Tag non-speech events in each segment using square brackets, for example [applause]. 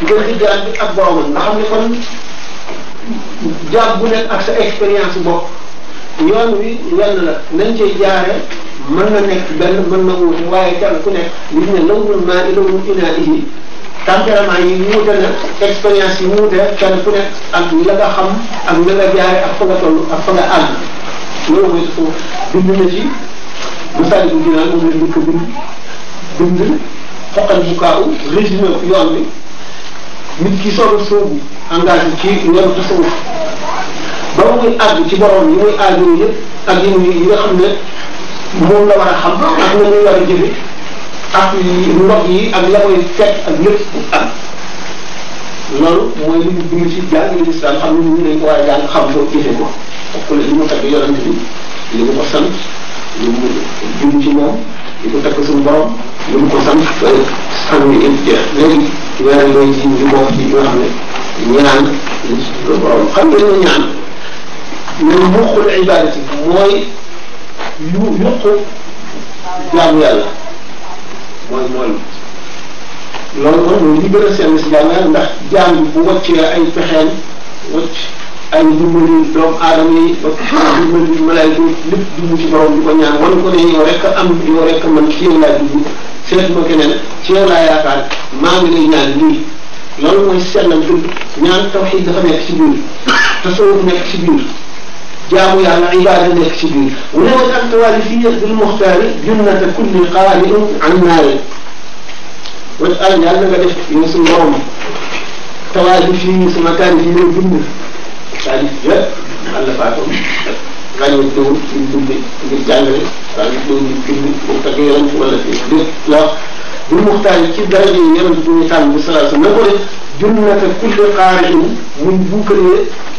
diggante jaam bi ak boromam nga xam ne kon jaam bu nekk ak sa expérience bopp yoon wi lenn la nañ cee jaare mën na nekk benn mën na wuute waaye kenn ku nekk li ne lawul maa i lawul inaa yi tempérament yi wuute na expérience yi wuute kenn ku nekk ak la nga xam ak la nga jaare ak fa nga toll ak fa nga àgg loolu mooy suuf bind na ci bu sàlli bu dinaa moom la ñu ko bind bind xoqal bu kaaw résumé yoon bi nit ki soog a sóobu engagé ci ñoom tasawuf ba muy àgg ci borom yi muy aaju yëpp ak yenn yi nga xam ne moom la war a xam ak na muy war a jëfe ak ndox yi ak la koy fekk ak yëpp am loolu mooy li ñu dund ci jàng yi lislaam xam ne ñu dañ ko war a jàng xam ko jëfe ko li mu fekk yonent bi li mu ko sant li mu dund ci moom di ko takk suñu borom li mu ko sant ba fan bi indi jeex léegi weer yooyu ji ñu bokk ci ñoo xam ne ñaan liñ suñu borom xam nga ñu ñaan ñun muqul ibadati mooy yu yokku jaamu yàlla mooy mooy loolu moom li gën a sell si jaamu yàlla ndax jaam bu wàccee ay pexeen wàcc ay dimbali doomu aadama yi ba dimbali malaayka yi lépp dugg ci borom di ko ñaan wan ko ne yow rek am yow rek man ci yow laa dugg seetuma keneen ci yow laa yaakaar maa ngi lay ñaan lii loolu mooy sellal dëgg ñaan tawxiid dafa nekk ci biir tasawuf nekk ci biir jaamu yàlla ibaada nekk ci biir wala anta waalifiya bil muxtaari junnata kulli qaaliin an naari wala yàlla nga def yow suñu borom tawaali fii sama kàddu yi lay bind taalif yëpp àllafaatum ràññeekuwul ci dund ngir jàngale ràññeekuwul ci dund bu fekkee yonent wala déet loo bu muxtaar ci dara ji yonent bu ñu tànn bu salaat sa na ko def jur na ko kulle xaariin muy buukalee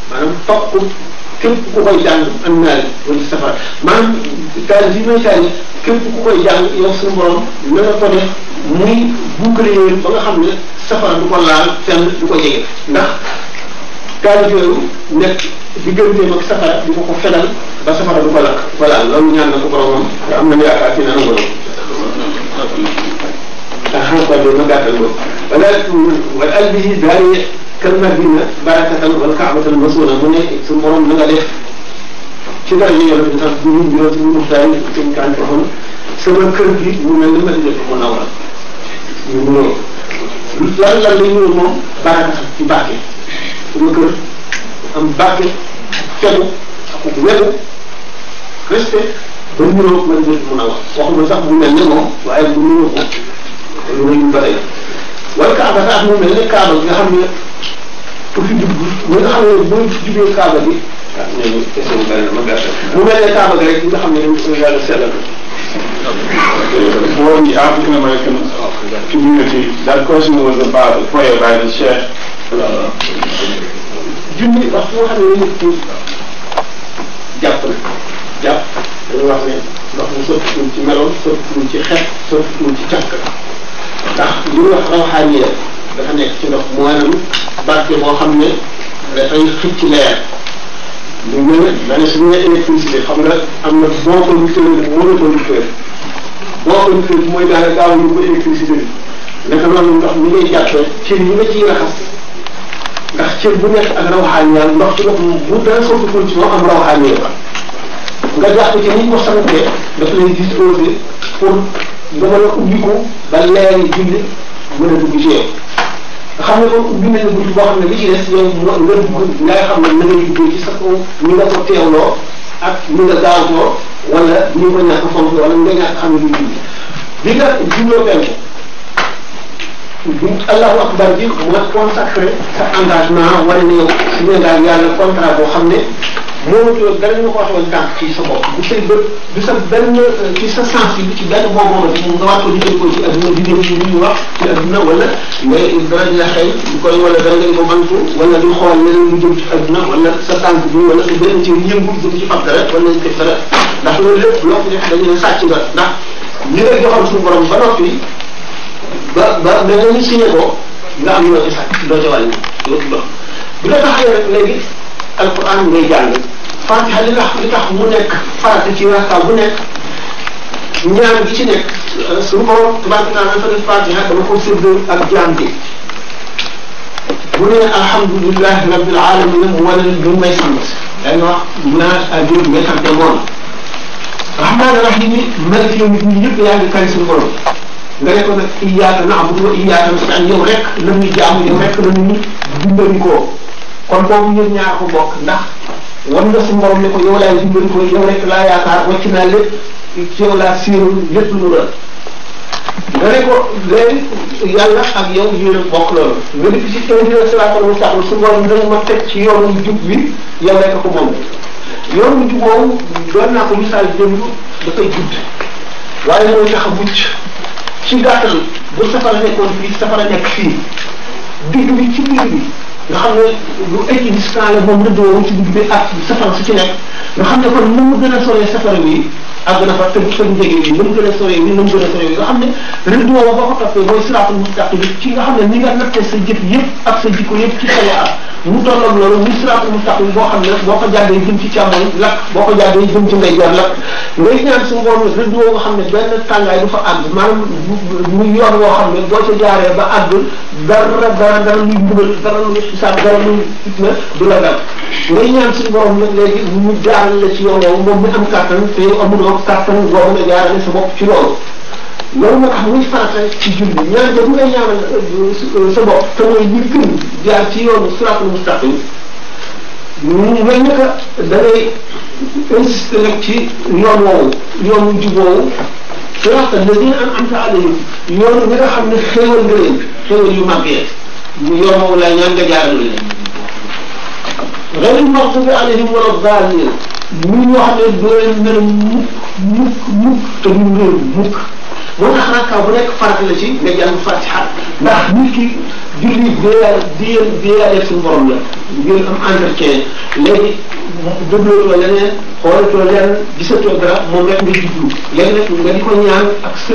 maanaam topp képp ku koy jàng am naa leen wala safar maanaam taalif yi may taalif képp ku koy jàng yow suñu borom na nga ko def muy buukalee ba nga xam ne safar du ko laal fenn du ko jege ndax gaz yooyu nekk digganteem ak safara di ko ko fenal ba safara du ko lakk voilà loolu ñaan na ko boromam te am nañu yaakaar ci naan borom. ah kon loolu ma gàttal ko wala wala al bii daal kër Madina barakatan wala kaabatan masuuna mu ne suñu borom na nga def ci dara yi yonent bi sax bu ñu ñëw ci muxtaay suñu kaan ko xam sama kër gi mu mel ni Madina ko nawal ñu mënoo lan lan la ñu moom baraka ci barke sama kër am barke tegu ak wetu respect ba niroo man jot mun a wax waxuma sax bu mel ne moom waaye bu niroo ko loolu lañu ba tey wala kaaba sax mu mel ne kaaba bi nga xam ne ku fi dugg ñi nga xam ne boo jubee kaaba bi ah nee nañu question bi bëri na ma gàttal mu mel ne kaaba gi rek ñi nga xam ne dañ ko yàlla sellal for the African American community that question was about the prayer by the Sheikh junni waxtu boo xam ne nit ñi jàpp na jàpp wax ne ndox mu soppikuñ ci meloon soppikuñ ci xet soppikuñ ci càkk ndax li ñuy wax rawxaaniya dafa nekk ci ndox maanaam barke boo xam ne dafay xëcc leer lu mel ne ma ne suñu ne électricité xam nga am na bon conducteur ak mauvais conducteur bon conducteur bi mooy daanaka daawuñu ko électricité bi naka noonu ndox mi ngay jàppee ci li nga ciy raxas ndax cër bu nekk ak rawaxaan yàlla ndox ci boppam bu dara soppiku ci moo am rawaxaan yàlla nga jox ko ci ni ñu ko santee daf lay disposé pour nga a ba leer yi julli mën a dugg ci yow xam nga ko ubbi nañu boo xam ne li ci des yow nga dugg ngay xam ne na ngay sa kaw ni nga ko teewloo ak ni nga gaawtoo wala ni nga ko ñàkk fonk wala nga ñàkk xam ne du julli bi nga julloo penku allahu akbar bi mooy consacré sa engagement wane ne yow signé nga yàlla contrat boo xam ne moomatoo dara ñu ko waxoon tànk ci sa bopp bu say bët du sa benn ci sa sens bi ci benn boobu rek nga waat ko jëlee ko ci adduna di dem ci lu ñu wax ci adduna wala ngay dara di la xëy du koy wala dara ngeen ko mantu wala du xool leneen lu jëm ci adduna wala sa tànk bi wala sa benn ci yëngu jëm ci fab dara wala nga def dara ndax loolu lépp loo ko def dañu ne sàcc nga ndax li ngay joxoon suñu borom ba noppi ba ba ba nga ñu signé ko nga am loo ci sax doo ci wàññi doo ci dox bu la taxee rek léegi alquran ngay jàng fatiha li tax li tax mu nekk farata ci waxtaan bu nekk ñaan gi ci nekk suñu borom tabaraka taala dafa def fatiha dama ko séddoo ak jaam bi bu ne alhamdulilah rabbil alamin wala lu may sant da nga wax naa ajur ngay sante moom rahmaan rahim yi mel ni yow nit ñi yëpp yaa ngi kañ suñu borom nga ne ko nag iyyaaka na'budu wa iyyaaka nasta'iin yow rek la ñuy jaamu yow rek la ñuy kon boobu ñun ñaar ko bokk ndax wan nga suñu ko yow laay dimbandikoo yow rek laa yaakaar wàcc naa lépp ci yow la nga ne ko léegi yàlla ak yow yéen a bokk nga dikk ci ihdina siraatal mustaqiim suñu borom dana ma teg yoonu jub bi yow rek ko moom yoonu jub boobu doon naa ko misaal démb dafay judd waaye mooy tax a mucc ci gàttal bu safara nekkoon fii safara nekk fii digg bi ci biir bi nga xam ne lu équidistant la moom rëdd woowu ci digg bi ak safara su ci nekk nga xam ne kon ni mu gën a soree safara bi àgg na fa te fa njege bi ni mu gën a soree bi ni mu gën a soree bi nga xam ne rëdd woowu boo ko toppee mooy siraatul mustaqim bi ci nga xam ne ni nga nattee sa jëf yëpp ak sa jikko yëpp ci xale ak mu tolloog loolu muy siraatul mustaqim boo xam ne nag boo ko jàddee jëm ci càmmoñ lakk boo ko jàddee jëm ci ndeyjoor lakk ngay ñaan su ngoon rëdd woowu nga xam ne benn tàngaay du fa àgg maanaam muy yoon woo xam ne boo ca jaaree ba àgg dara dara dara luy mbugal dara lu sax dara lu fitna du la dal ngay ñaan suñu borom nag léegi mu jaarale la ci yoon woowu moom mi am kàttan te yow amuloo kàttan boo mën a jaarale sa bopp ci loolu loolu moo tax muy farata ci julli ñaan boobu ngay ñaanal euh, sa bopp te mooy ñu gën jaar ci yoonu siraatul mustaqim ñu mel ni que da ngay insister rek ci yoon woowu yoonu jub woowu siraatal lazina an'amta alayhim yoonu ñi nga xam ne xéewal nga leen xéewal yu màgg yow moom lay ñaan nga jaarale leen. ghayri maghdubi alayhim wala daalliin muy ñoo xam ne doo leen mel mukk mukk mukk te duñ loolu mukk moo tax rakka bu nekk farata la ci nga jàng fatiha ndax nit ki julli biyaar biyaar biyaar suñu borom la ngeen am entretien léegi déglootoo leneen xoolatoo leneen gisatoo dara moom rek nga jublu léegi nag nga di ko ñaan ak sa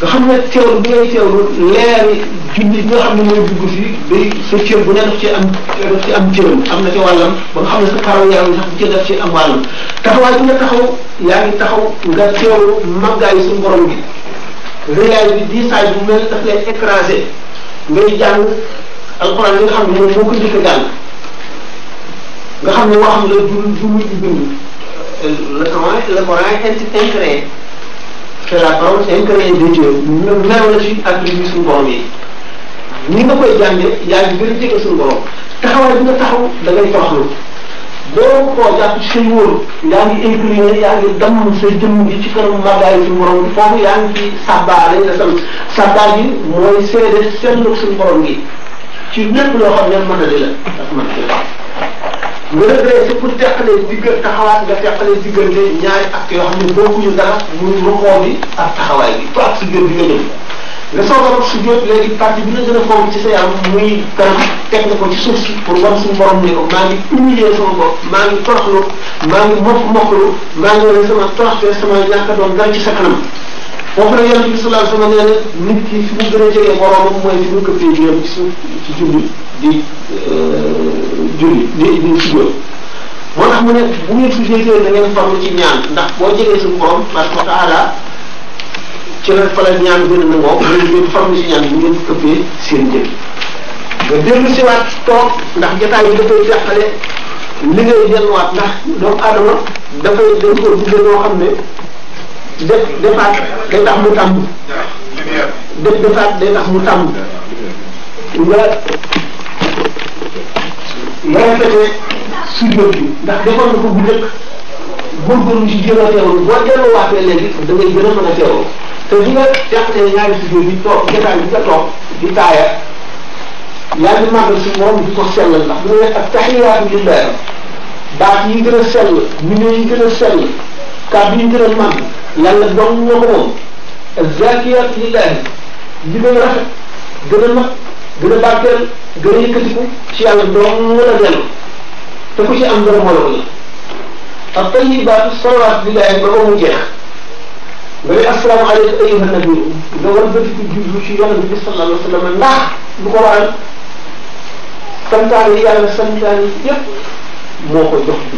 nga xam ne teewlu bi ngay teewlu leeri jullit ñoo xam ne mooy dugg fii day sa cër bu ne daf ci am daf ci am cëram am na ci wàllam ba nga xam ne sa karaw yaa ngi sax ci daf ci am wàllam taxawaay bi nga taxaw yaa ngi taxaw nga teewlu màggaayu suñu borom gi réyaay bi diisaay bu mel daf lay écrasé ngay jàng alxuraan li nga xam ne moom moo ko njëkk a nga xam ne waxam la du du mujj bind euh, le Coran le Coran est incréé que la parole est incarnée de Dieu ñoom naroo la ci ak li ñuy suñu borom yi ni nga koy jàngee yaa ngi gën a jege suñu borom taxawaay bi nga taxaw da ngay toroxlu boo yaa ngi incliné yaa ngi damm sa jëmm gi ci kanam màggaayu suñu borom bi foofu yaa ngi ci sàbbaale la sam sàbbaal gi mooy seede seetlu suñu borom ci lépp loo xam ne ma na di la ak nga regretté pour teqalee diggante taxawaay nga teqalee diggante ñaari actes yoo xam ne bokkuñu dara muy ruqoo bi ak taxawaay bi toog si biir bi nga jëm nga soog a su jot a fonk ci sa yaram muy kanam teg ne ko maa ngi humilier sama bopp maa ngi toroxlu maa ngi mokk mokklu maa ngi dara sa kanam foofu nag yonent bi sallallahu alayhi wasallam nee na mu gën a jegee boromam mooy fi mu këppee ci suuf di euh, julli léegi mu si góor moo tax mu ne bu ngeen fi féetee da ngeen ci ñaan ndax boo jegee suñu borom parce que ci la fa la ñaan gën a nangoo ngeen ngeen farlu ci ñaan bu ngeen ëppee seen jëf nga dellu si waat toog ndax jotaay bi dafay jàppale li ngay delluwaat ndax doomu aadama dafay dañ ko duggee noo xam ne def defaat day tax mu tàmm def defaat day tax mu tàmm nga nga rafetee sujjóot bi ndax defoon na ko bu njëkk góorgóorlu si jéem a teewlu boo delluwaatee léegi da ngay gën a mën a teewlu te li nga teqtee ñaari sujjóot bi toog jotaay bi nga toog di taaya yaa ngi màggal si moom di ko sellal ndax mu ne ak taxiyaatu lillah baat yi gën a sell mine yi gën a sell kàddu yi gën a màgg yàlla dong moo ko moom ak zakiyaatu lillah li gën a rafet gën a mag gën a barkeel gën a yëkkatiku ci yàlla doom mën a dellu te ku ci am gën a molo yi ak tayibaatu salawaat bi laay ba ba mu jeex nga ne asalaamaaleykum ayyuha nabi nga war bëgg ci jublu ci yonent bi sallallahu alayhi wa sallam ndax lu ko waral santaane yi yàlla santaane yëpp moo ko jox ci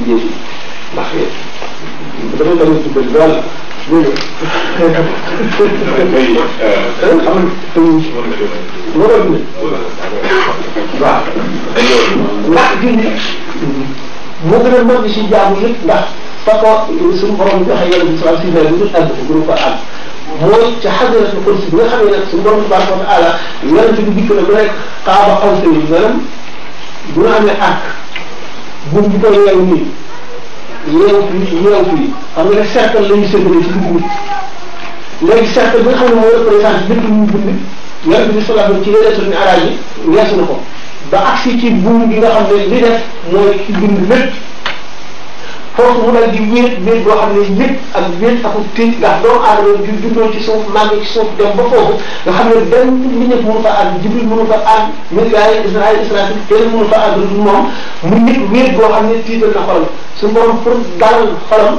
ndax yëpp dama tamit tuddal lool léegi xam nga. ndax junni moo gën a mën si jaamu yëpp ndax fa ko suñu borom joxe yàlla bi si biir bi ñu àgg ko ko àgg mooy ca xadratul kursi bi nga xam ne nag suñu borom tabaraka wa taala yonent bi dikk na mu nekk xaaba xaw sa yi maanaam bu ñu amee àgg buñ ko yeewu nii yeewu fii yeewu fii xam nga la ñu séddale ci dugub léegi cercle bi nga xam ne moo représente lépp lu ñu bind yonent bi sallallahu alayhi wa sallam ci yeneen araaj yi ko ba agsi ci buum xam ne li def mooy foofu mu dal di wéet wéet boo xam ne wéet ak wéet ak tiit ndax doomu aadama ju juddoo ci suuf màgg ci suuf dem ba foofu nga xam ne benn nit ñëpp mënu fa àgg jibril mënu fa àgg Mikaayil Israayil Israafil kenn mënu fa àgg du moom mu nit wéet boo xam ne tiital na xolam su borom pour dal xolam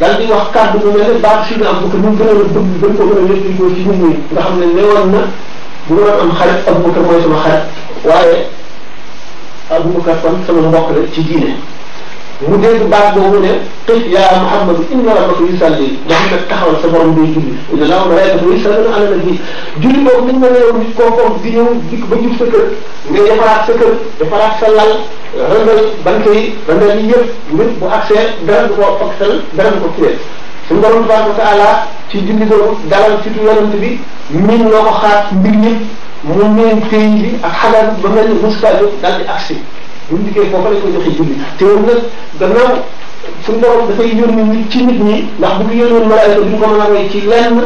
dal di wax kàddu bu mel ne baat si am bu ko ñu gënoon a bëgg gën ko gën a wéet ci nit ñi nga xam ne newoon na bu ma doon am xarit Abubakar mooy sama xarit waaye Abubakar kon sama mbokk la ci diine mu dégg baat boobu ne qif yaa Muhammad inna rabbaka yusalli Muhammad taxawal sa borom day julli inna Allaha wa malaa'ikatahu yusalluna ala nabi julli boobu niñ ma neewoon nit koo foog di ñëw dikk ba jub sa kër nga defaraat sa kër defaraat sa lal rëndal bant yi rëndal yi yëpp ngir bu accès dara du ko oxal dara du ko kilee suñu borom tabaraka wa taala ci julli boobu dalal surtout yonent bi miin loo ko xaar mbir ñëpp mu miin pays bi ak xalaat ba mel ni mosu daal di agsi bu ñu liggéey foofa lañ ko joxe julli teewul nag gannaaw suñu borom dafay yónni nit ci nit ñi ndax bu ñu yónnoon malaayka duñ ko mën a way ci lenn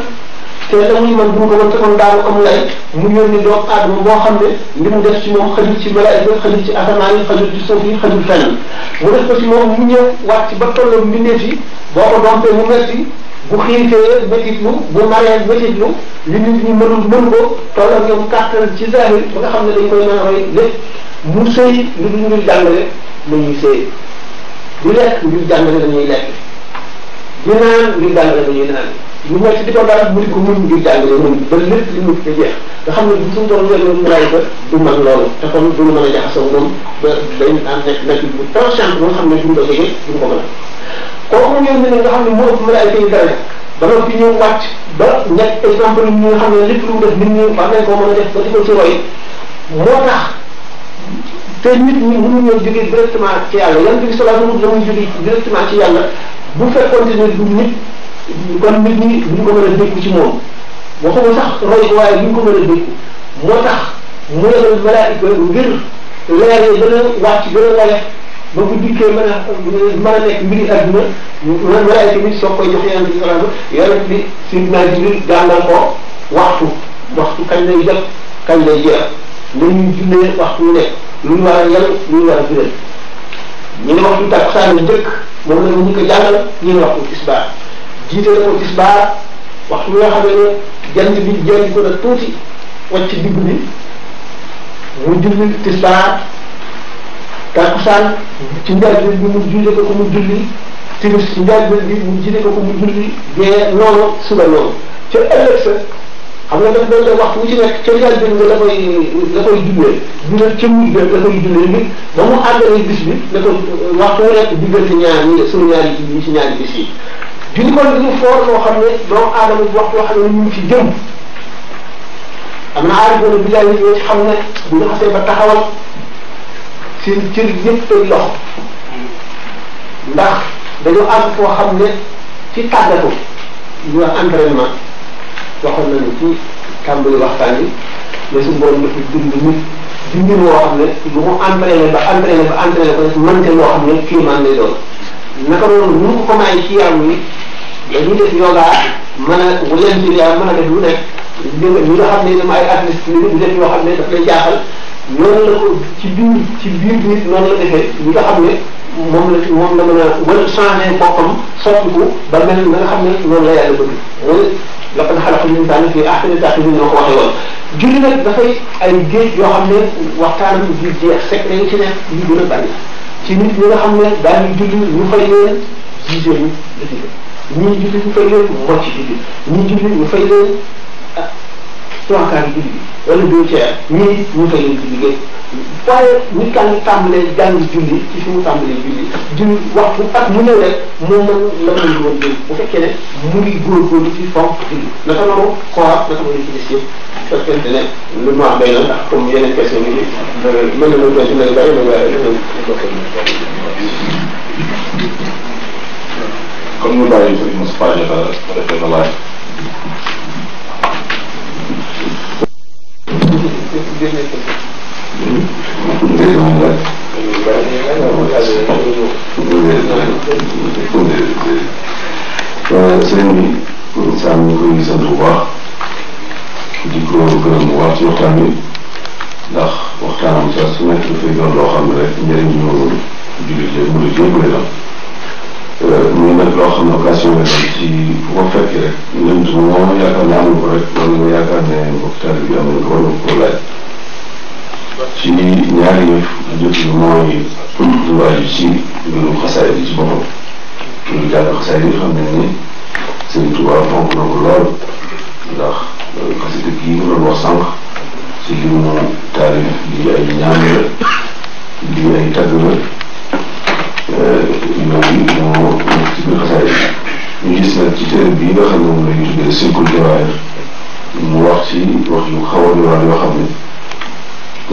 te damuy man buñ ko mën te kon daanu am lay mu yónni doomu aadama boo xam ne li mu def ci moom xajul ci malaayka xajul ci asamaan yi xajul ci suuf yi xajul fenn mu def ko ci moom mu ñëw wàcc ba tolloo mbindeef yi boo ko dompee mu metti bu xiifee métitlu bu maree métitlu li nit ñi mënul mën ko tolloo ñoom kàttan ci zahir nga xam ne dañ koy mën mu sëy lu dul ñuy jàngale la ñuy sëy du lekk ñuy jàngale la ñuy lekk du naan ñuy jàngale la ñuy naan ñu metti di ko dara mu di ko mën ngir jàngale mën ba lépp li mu fi jeex nga xam ne bu suñu doon wér mu ray ba du man loolu te kon du mën a jaxasoo moom ba dañ am nekk nekk bu transient ba nga xam ne duñ ko jege duñ ko mën a kooku ñëw ne nga xam ne moo ëpp malaayka yi dara ba noppi ñëw wàcc ba nekk exemple ñi nga xam ne lépp lu mu def nit ñi war nañ koo mën a def ba di ko ci roy moo tax te nit ñi mënuñoo jógee directement ci yàlla yan bi sallallahu alayhi wa sallam jógee directement ci yàlla bu fekkoon ne du nit kon nit ñi duñ ko mën a dékku ci moom waxuma sax roy ko waaye duñ ko mën a dékku moo tax mu yebal malaayika ngir leer a wàcc a wale a a nekk bi soo koy jox yonent bi sallallahu alayhi wa sallam yonent bi Seydina Jibril jàngal ko waxtu waxtu kañ lay jot kañ lay jeex nañuy jullee waxtu wu nekk lu ñu war a yal lu ñu war a ñu waxtu takkusaan la njëkk moom la ñu ko jàngal ñu waxtu tisbaar jiite ko tisbaar waxtu bi nga xam ne jant ko tuuti wàcc digg bi mu julli tisbaar takkusaan ci njëlbéen bi mu jiite ko julli ko ko mu julli gee noonu suba noonu ca ëllëg sa xam nga daf doon waxtu wu ci nekk ca njël bi nga la koy la koy jullee dundal ca mujj la koy jullee bi ba mu àggalee bis bi la ko waxtu wu nekk diggante ñaar ñi suñu yi ci ñaari bis yi julli kon foor loo xam ne doomu aadama bi waxtu yoo ne ñu ngi ci jëm am na aarif ne billaay yi ñoo ci xam ne bu ñu xasee ba taxawal seen cër yëpp ay lox ndax dañoo àgg foo xam ne ci tàggatu ñu wax entraînement waxoon nañu ci tàmbali waxtaan yi ne suñu borom dafa bind nit woo xam ne lu mu entraîné ba entraîné ba entraîné ko def mënte loo xam ne climat lay doon naka noonu ñu ko may ci yaram wi dañuy def yoga mën a wala ci yaram mën a def lu nekk ñi nga xam ne dama ay artiste ni ñu def yoo xam ne daf lay jaaxal noonu la ko ci biir ci biir nit noonu la defee ñi nga xam ne moom la moom la mën a wala changé boppam soppi ko ba mel na nga xam ne noonu la yàlla bëgg wala laqad xalaqa l-insaana fii ahsani taqwiim noo ko waxee woon. julli nag dafay ay géej yoo xam ne waxtaanam bi jeex secret yi ci nekk ñu gën a bari ci nit ñi nga xam ne daañu julli ñu fay leen dix heures ñu defi ko ñii julli ñu fay leen mocc julli ñii julli ñu fay leen ah. trois quarts julli bi wala deux tiers ñii ñu fay leen ci liggéey waaye ñu kan tàmbalee jàng julli ci fi mu tàmbalee julli julli waxtu ak mu ñëw rek moo mën la mën di woon jël bu fekkee ne mu ngi góorgóorlu ci fonk julli naka noonu xoolaat naka mën ci des yëpp fekkente ne lu ma doy na ndax comme yeneen question yi mën na mën continuer bari na waaye dinañ comme ñu bàyyi sëriñ Moussa Diatta defee na laaj seen saa ñu koy sant bu baax di ko gërëm bu baax ci waxtaan bi ndax waxtaanam sax su nekk dafay doon loo xam ne rek njëriñ ñoo jullit yëpp lay doon muy nag loo xam ne occasion la ci fu ko fekk rek ñun moom yaakaar naa am ko ma yaakaar ne mbokk taalibe bi am nañ ko war ko laaj ci ñaari yëf waaju ci mbirum xasaay bi ci boppam lu jàng xasaay yi xam ne na ko ndax xasida gi mu doon wax sànq ci li ay ñaan la ay tagg ñoom ñoo nekk ci biir nag ci téere bii nga xam ne moom la ñu tuddee Silkul Jawaahir mu wax ci wax yu xaw a diwaan yoo xam ne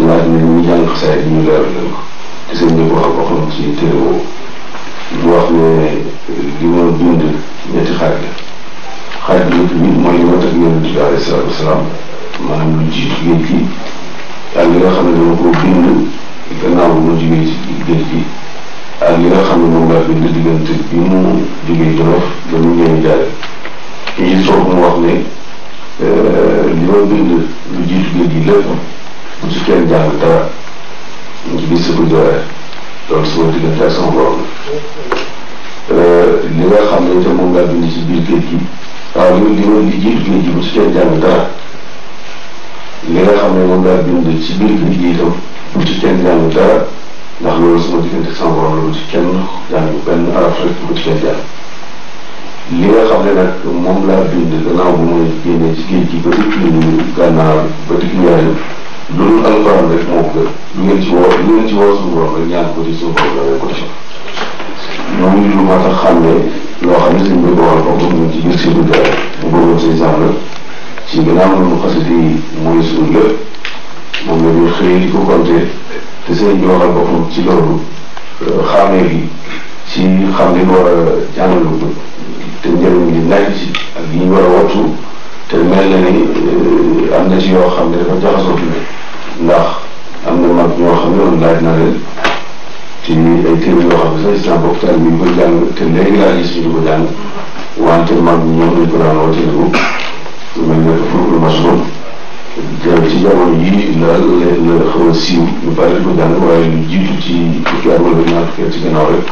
laaj nañ ñu jàng xasaay bi ñu leeral leen ko te seen njëkk wax wax na ci téere woowu ne li xaaj la xaaj bi njëkk bi mooy li ma teg yonent bi alayhi salaatu wasalaam maanaam lu jiitu géej gi ak li nga xam ne dama ko bind gannaaw bu ma jugee ci géej ak li nga xam ne moom laa bind diggante bi mu jógee Jolof ba ñu ñëwee jaare yi toog mu ne euh, li ma bind lu jiitu géej gi lépp bu ci kenn jàng dara mu ci gis ko joxe loolu sama diggante ak sama borom euh, li nga xam ne te moom laa bind ci biir géej gi waaw li li ma li jiitu géej gi bu ci kenn jàng dara li nga xam ne moom laa bind ci biir géej gi itam bu ci kenn jàng dara ndax loolu sama diggante sama borom la bu ci kenn jàng benn araf rek bu ci kenn jàng li nga xam ne nag moom laa bind gannaaw bu may génnee ci géej gi ba dikk ñu gànnaar ba dikk ñaari loolu alquran rek moo ko lu lu ngeen ci woo suñu ñaan ko ci suñu borom la ko defal moom lu ma tax xam ne loo xam ne suñ bi bool mu mu bëggoon say sàmm ci te sëriñ bi waxal boppam ci loolu euh, xàmmee gi ci xam li war a jàngal te li nekk ci ak yi ñu war a wattu te mel na ni euh, am na ci yoo xam ne dafa jaxasoo ndax am na mag ñoo xam ne woon laaj na leen ci ay téere yoo xam ne sax islam bokk taal bi ñu koy jàng te léegi laa gis ñu ko jàng wante mag ñi ñoom ñu ko daan mel ne que fukk lu ci jamono yi la la la xaw a siiw lu bari ko jàng waaye lu jiitu ci fukki at wala ñaar ci gannaaw rek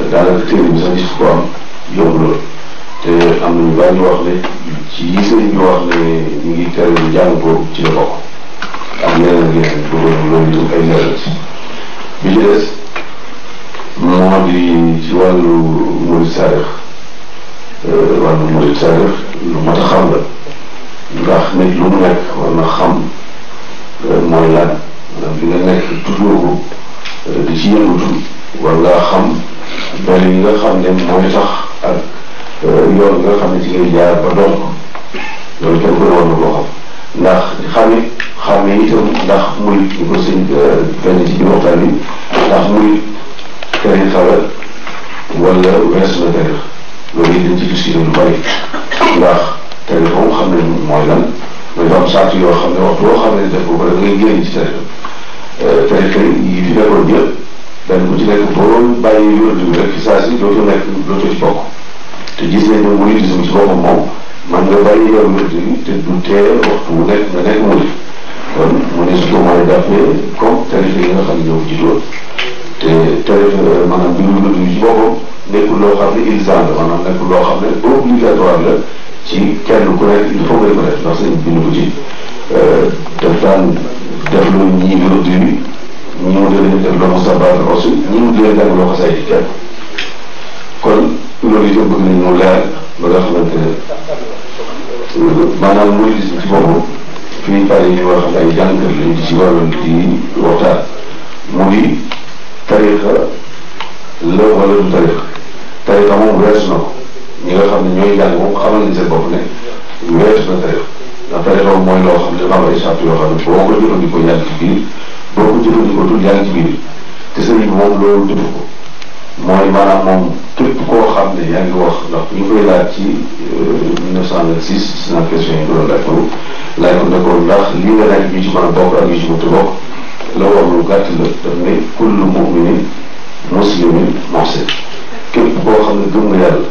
euh, daanaka téere bi sax gis lool te am nañu bari ñu wax ne ci yi sëriñ wax ne ngi tere ñu jàng ci la bokk am yeneen ak yeneen loolu itam ay leeral bi ci moo di ci wàllu murid saarix euh, wàllu saarix lu mat a xam la ndax nit lu mu nekk war xam euh, mooy lan maanaam li nga nekk tuddoo ko euh, di ci yëngatu xam bëri yi nga xam ne mooy tax ak euh, yoon nga xam ne ci ngay jaar ba doon ko loolu kenn ku ne war na koo xam ndax xame xame itam muy ñu ko sëñ benn wees na tarixa loolu it dañ ci discuté lu bari ndax téléphone xam nañ mooy lan mooy saatu yoo xam ne waxtu boo xam ne def ko rek ngay génn ci téléphone euh, tariqa yi fi nekkoon o benn bu ci nekk boo bàyyi wér bi rek saa si dootoo nekk dootoo ci bokk te gis nañ ne mouridisme ci boppam moom man nga bàyyi yor wér bi te du tee waxtu nekk nga nekk murid mu ne surtout mooy jàppee comme tariqa yi nga xam ne ñoo jiitu woon te tariqa maanaam bi wér bi ci boppam nekkul loo xam ne ilzam la maanaam nekkul loo xam ne obligatoire la ci kenn ku nekk il faut nga di ko def ndax sëñ bi bind ko ci euh, di ñi sa baax rosu ñi mu gën a def loolu say di kenn kon loolu yëpp bëgg mu leer ba nga xamante ne euh, maanaam muy gis ci boppam fii pare yi ñoo xam ne ay jàngkat lañ di ci wàllu di waxtaan muy tarixa la wala du tarixa tarixa moom weesu na ko ñi nga xam ne ñooy jàng moom xamal nañ seen bopp ne weesu na tarixa ndax tarixa mooy loo xam ne dafa am ay charte yoo xam ne boo ko jëfandikoo yaa ngi ci biir boo ko jëfandikoo dul yaa ngi ci biir te sëriñ bi moom loolu defu ko mooy maanaam moom képp koo xam ne yaa ngi wax ndax ñu koy laaj ci 1906 gis naa question yi doon laaj ko laaj ko ne ko ndax li nga laaj bi ci mën a bokk ak yu ci mënta bokk la wax lu gàtt la daf ne kullu muminin muslimin muhsin képp koo xam ne gëm nga yàlla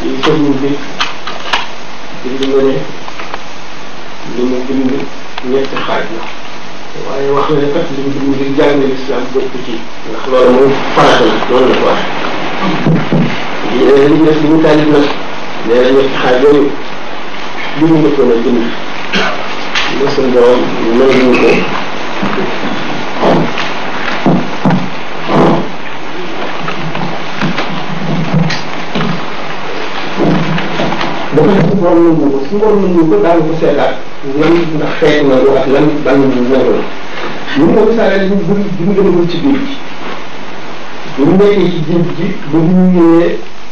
ci commune bi bind nga ne li mu bind ñetti xaaj la wax na ne kat li mu bind ngir jàng lislaam bokk ci ndax loolu moom farata la loolu wax li ñu def li ñu taalif nag nee na ñetti xaaj yooyu bind nga ko na bind la seen borom mënuñu ba ko def war nañu ko su war nañu ko daal seetaat lan ndax xeetu na lu ak lan ban nangu la ñun ko mu gën ci biir bi ñu nekkee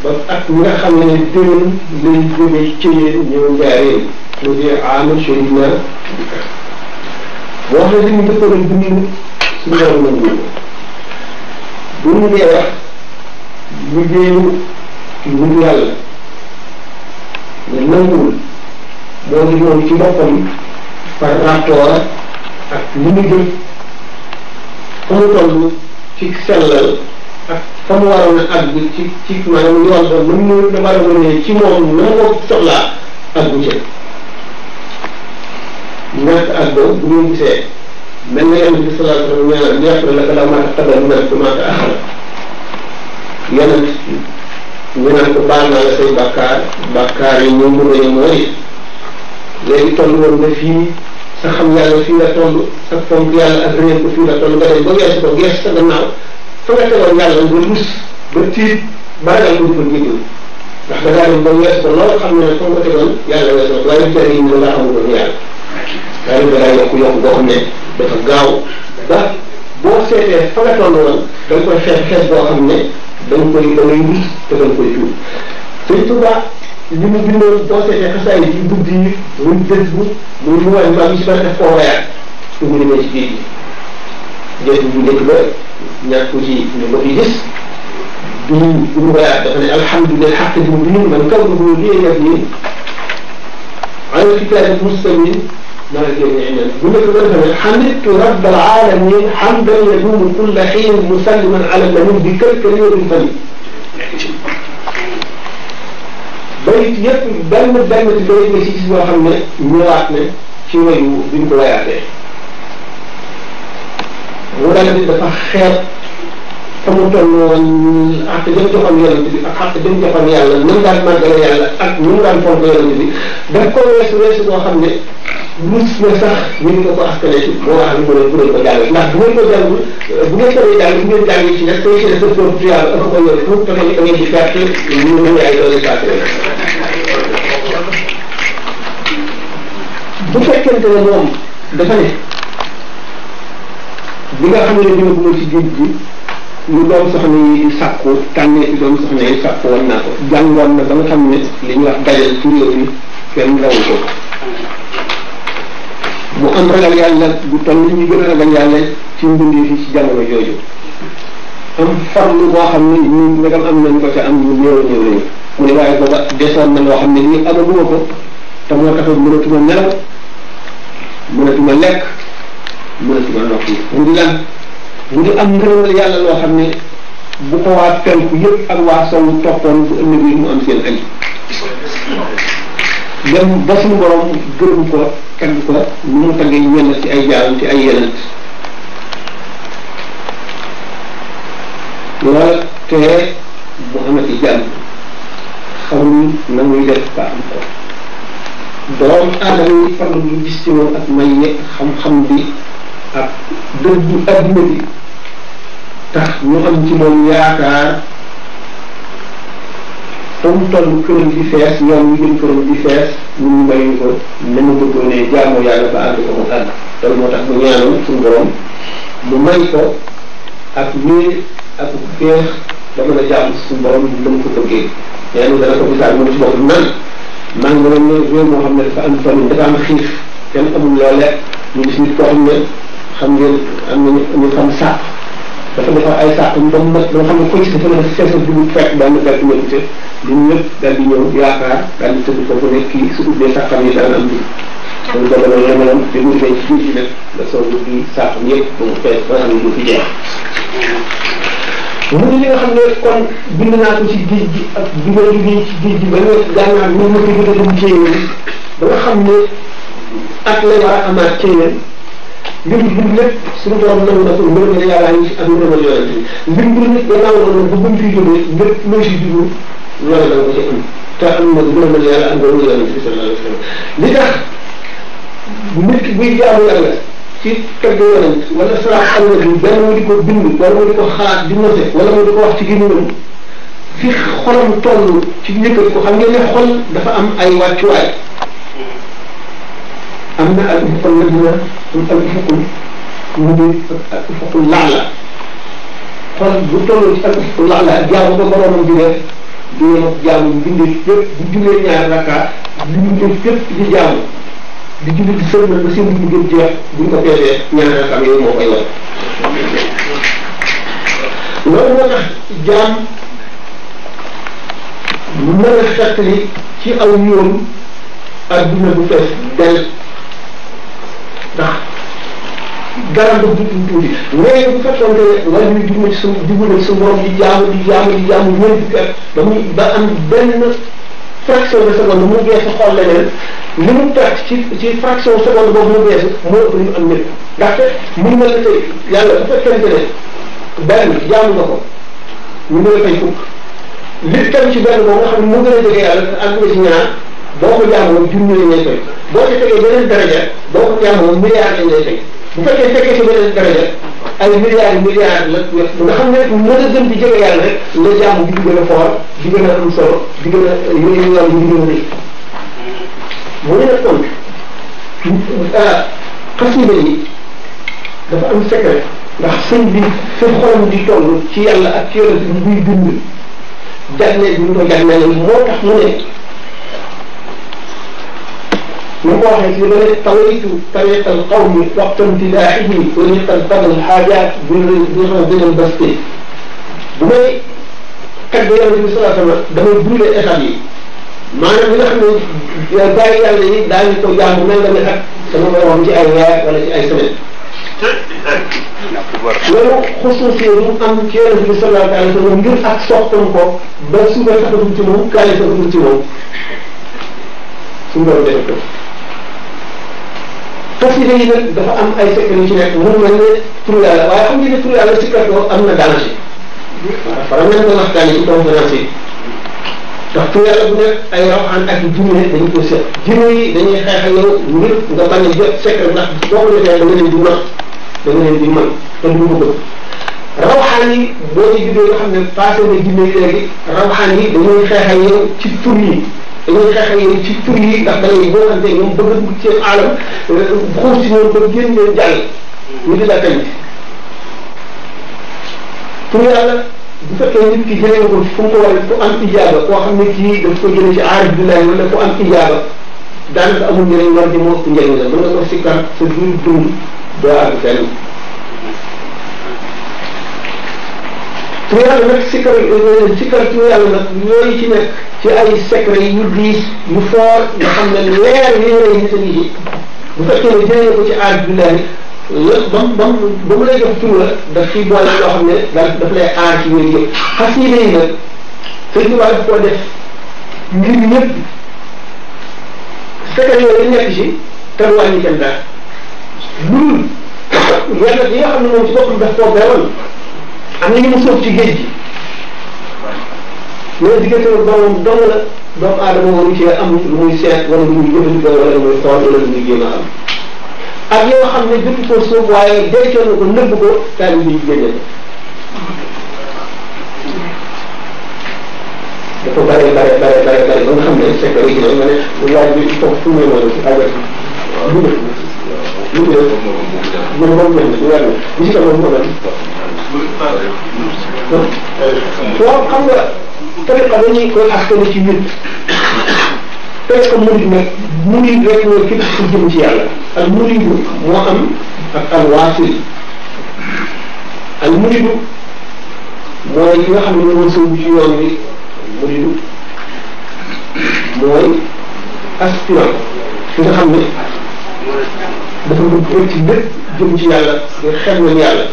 ba bu ñu nga xam ne déwén lay jógee ci ñëw njaareen mu di aama shérif na boo xam ne dañu dëkk doon dund suñu war nañu ko bu ñu wax liggéeyu ngir yàlla mais nanguwul moo ngi ñëw ci boppam par rapport ak li mu jëm fa mu sellal ak fa mu waroon a àgg ci ci maanaam yoon ba mën ñu da war a ne ci moom na ko soxlaa àggu ci ñàkk àgg bu ñu gisee mel na yonent bi sallallahu alayhi maa ko xamal ñàkk maa ko axal ñu ko baal naa la say bàkkaar bàkkaar yi ñoom mu dañu mooy léegi toll woon nga fii sa xam yàlla fii la toll sa fonk yàlla ak fii la toll nga dem ba gees ko ba tiit ba ragal ko fa nit ñi ndax da ngaa loolu xam ne ne fa nga tegoon yàlla wees ko waaye kër yi ñu la amuloon yàlla waaye da ngaa yokk yokk boo xam ne dafa gaaw ba boo seetee fa woon da nga koy xeex xeex boo xam ne da nga koy te da nga li mu bindoon boo seetee xasaay yi guddi yi muy dëgg muy lu waay maa ngi ci bari def koo weer su bu njëkk ba ñàkk ko ci ñu ko fi alhamdulilah xaq di mu bind man kaw na ko lii yëg nii ala kitaabi ملك النعمان بنك مثلا حمدت رب العالمين حمدا يدوم كل حين مسلما على المنون بكل كلمة فلي bayit yëpp benn benn ci bayit nga ci gis boo xam ne ñëwaat ne ci wayu bi ñu ko wayaatee mu daal di dafa xeet fa mu toll woon àq jëm joxoon yonent bi ak àq jëm joxoon yàlla ni mu daan màggale yàlla ak ni mu daan fonk yonent bi da ko weesu weesu boo xam ne mus na sax ñu ngi ko ko askalee ci moo wax ni mu ne bu ngeen ko jàll ndax bu ngeen ko jàllul bu ngeen ko jàll bu ngeen jàll ci nag tey ci def ko tuyaaba ëpp ko yore foofu tax da ngeen di perte ñu ñu yaay doole saa bu fekkente ne moom dafa ne bi nga xam ne dina ko ci géej gi lu doom soxna yi sàkku tànnee ci doom soxna yi sàkku woon naa na ba nga xam ne li ñuy wax dajal ci réew mi kenn rawu ko mu am ragal yàlla bu toll ñu gën a ragal yàlla ci mbindee fi ci jamono jooju am farlu boo xam ne ñun ndegam am nañu ko ca am ñu néew néew lañu mu ne waaye booba desoon na loo xam ne lii amaguma ko te moo taxoon mënatuma nelaw mënatuma lekk mënatuma noppi mu di lan mu di am ngërëmal la loo xam ne bu ko waa penku yëpp ak waa sowu toppoon bu ëllëgee mu am seen ali dem ba suñu borom gërëm ko ko nu mu taggee ñenn ci ay jaaram ci ay yeneen bu amati jàmm xamuñ na doom aadama yi farlu ñu gis ci moom ak may xam-xam bi ak dëddu adduna bi tax ñu am ci moom yaakaar fu mu toll këram di fees ñoom ñu gën këram di fees ñu mayuñ ko na mu bëggoonee jaamu yàlla ba àgg ko mu àgg loolu moo tax mu ñaanoon suñu borom mu may ko ak wéer ak féex ba mën a jaamu suñu borom la mu ko bëggee ñaanu dana ko misaal moom ci boppam nan maa ngi doon moo xam ne dafa am famine dafa am xiif kenn amul loo lekk ñu gis koo xam ne xam ngeen am nañu ñu xam saako dafa defar ay saako ba mu mët ba nga xam ne ko ci dafa def seesal dugub fekk benn benn médité li ñu ñëpp daal di ñëw yaakaar daal di tëdd foofu ne kii su ubbee saakam yi dana am bi loolu dama la yemaloon bi mu demee ci biir bi nag la soog di saakam yëpp ba mu fees ba nga xam ne du fi jeex mu ne li nga xam ne kon bind naa ko ci géej gi ak bi ma liggéey ci géej gi ba nawet gànnaar bi ma ko gën a dem Thiel ba nga xam ne at la war a amaat Thiel mbir mi dund lépp suñu borom nangu na suñu ngërëmal yàlla ngi ak ngërëmal yonent bi mbir bu nit nga nangu na bu mu fi jógee lépp loo si dugg loolu danga ko ci am te am na ngërëmal yàlla ak ngërëmal yonent bi sallallahu alayhi wa sallam li tax nit ki buy jaamu yàlla ci tagg yonent wala salaat am na bi benn mu di ko bind wala mu di ko xaar di note wala mu di ko wax ci gémmiñam fi xolam toll ci yëkkat ko xam ngeen ne xol dafa am ay wàccuwaay am na al ifku nadina mu di al ifku laala xol bu tolloo ci al ifku laala ak jaamu ba boromam di def di yem ak jaamu mbindeef yëpp bu jullee ñaari rakka li mu def yëpp di jaamu di julli di sëlmal ba seen bu gën jeex bu a ci aw yoon adduna bu fees del ndax garab bu tuuti mais bu fekkoon ne wala ñuy jublu ci sa jublu ci sa borom di jaamu di jaamu di ba am benn fraction de seconde mu geesu xool leneen li mu perte ci ci fraction seconde boobu mu geesu moo ëpp li mu am njëriñ ndaxte mun na la tey yàlla bu fekkente ne benn jaamu nga ko ñu ngi la fay fukk li tam ci benn boobu nga mu gën a jege yàlla àgg nga ci ñaar. boo ko jaamoo junni lañ lay fay boo ci fekkee bu fekkee fekkee ci beneen daraja ay milliards milliards la nga xam ne mën a gën rek nga jaamu di gën foor di gën am solo di gën a yooyu yàlla di gën ne nag kon ah, xasida yi dafa am secret ndax sëñ bi fi xolam di toll ci yàlla ak ci yàlla bi muy dund jànnee bi ñu ko jànnee moo tax mu ne ni mu ko waxee ci li ma ne tawaytu tariqal qawmi waxtan tilaaxihi wa riqal badal xaajaat bu ñu beneen baste bu may tagg yàlla bi salaa sama damay brûler étapes yi maanaam li nga xam ne gaay yàlla yi daañu ko jaamu mel na ne ak sama borom ci ay weer wala ci ay semaine loolu xusuusee mu am ci yonent bi sallallahu alayhi wa sallam ngir ak soppam ko ba suba saxatul ci moom kaale saxatul ci moom suñu borom defal ko xasida yi nag dafa am ay secret yu ci nekk mu mel ne turu yàlla waaye xam ngeen ne turu yàlla secret boobu am na danger waaw faram nañ ko waxtaanee ci conférence yi ndax turu yàlla bu nekk ay rawxaan ak jinne dañu ko seet jinne yi dañuy xeex ak yow ngir nga bañ a jot secret ndax boo ko defee da nga leen di mën da nga leen di mën te du ko bëgg rawxaan yi boo ci juddoo nga xam ne passé na jinne yi léegi rawxaan yi dañuy xeex ak yow ci tur yi dañuy xeex ak yéen ci tur yi ndax da ngay bokkante ñoom bëgg a wut seen aalam xool si ñoom ba génn leen jàll. ñu di la tamit pour yàlla bu fekkee nit ki jëlee ko fu mu ko am ijaaba koo xam ne kii daf ko jëlee ci aarif billahi wala ku am ijaaba daanaka amul njëriñ war di moo njëriñ la mën nga ko sikkar sa dund dund doo àgg fenn turu yàlla nag sikkar euh, sikkar turu yàlla nag yooyu ci nekk ci ay secret yu diis yu foor nga xam ne leer yi lay nit a ngi ci bu fekkee ne jëlee ko ci aar bi laay la ba mu ba mu ba mu lay def tur la daf ciy boole loo xam ne daal daf lay aar ci yooyu yëpp xasida yi nag sëñ Tuubaa daf koo def ngir ñëpp secret yooyu nekk ci te du wàññi kenn daal. loolu yenn yi nga xam ne moom ci boppam daf koo beewal. xam nga ñu mu sóof ci géej gi ñu ne diggante boroom dong la doomu aadama waru cee am lu muy seet wala lu muy jëfandikoo wala lu muy xool wala lu muy jéem a am ak yoo xam ne jotu ko suuf waaye dencoon na ko nëbb ko daal di ñuy génne dafa bare bare bare bare bare ba nga xam ne secteur yi nga ne bu laaj bi toog fu muy noonu ci àggat lu mu lu mu def lu mu def lu mu def lu mu def lu mu def lu mu def lu mu def waaw xam nga tariqa dañuy koy askan ci nit tariqa murid nag murid rek mooy képp ku jëm ci yàlla al muridu moo am ak al waasil al muridu mooy ki nga xam ne moom sëñ bi ci yoon bi muridu mooy aspirant ki nga xam ne dafa bëgg ci lépp jëm ci yàlla nga xel na yàlla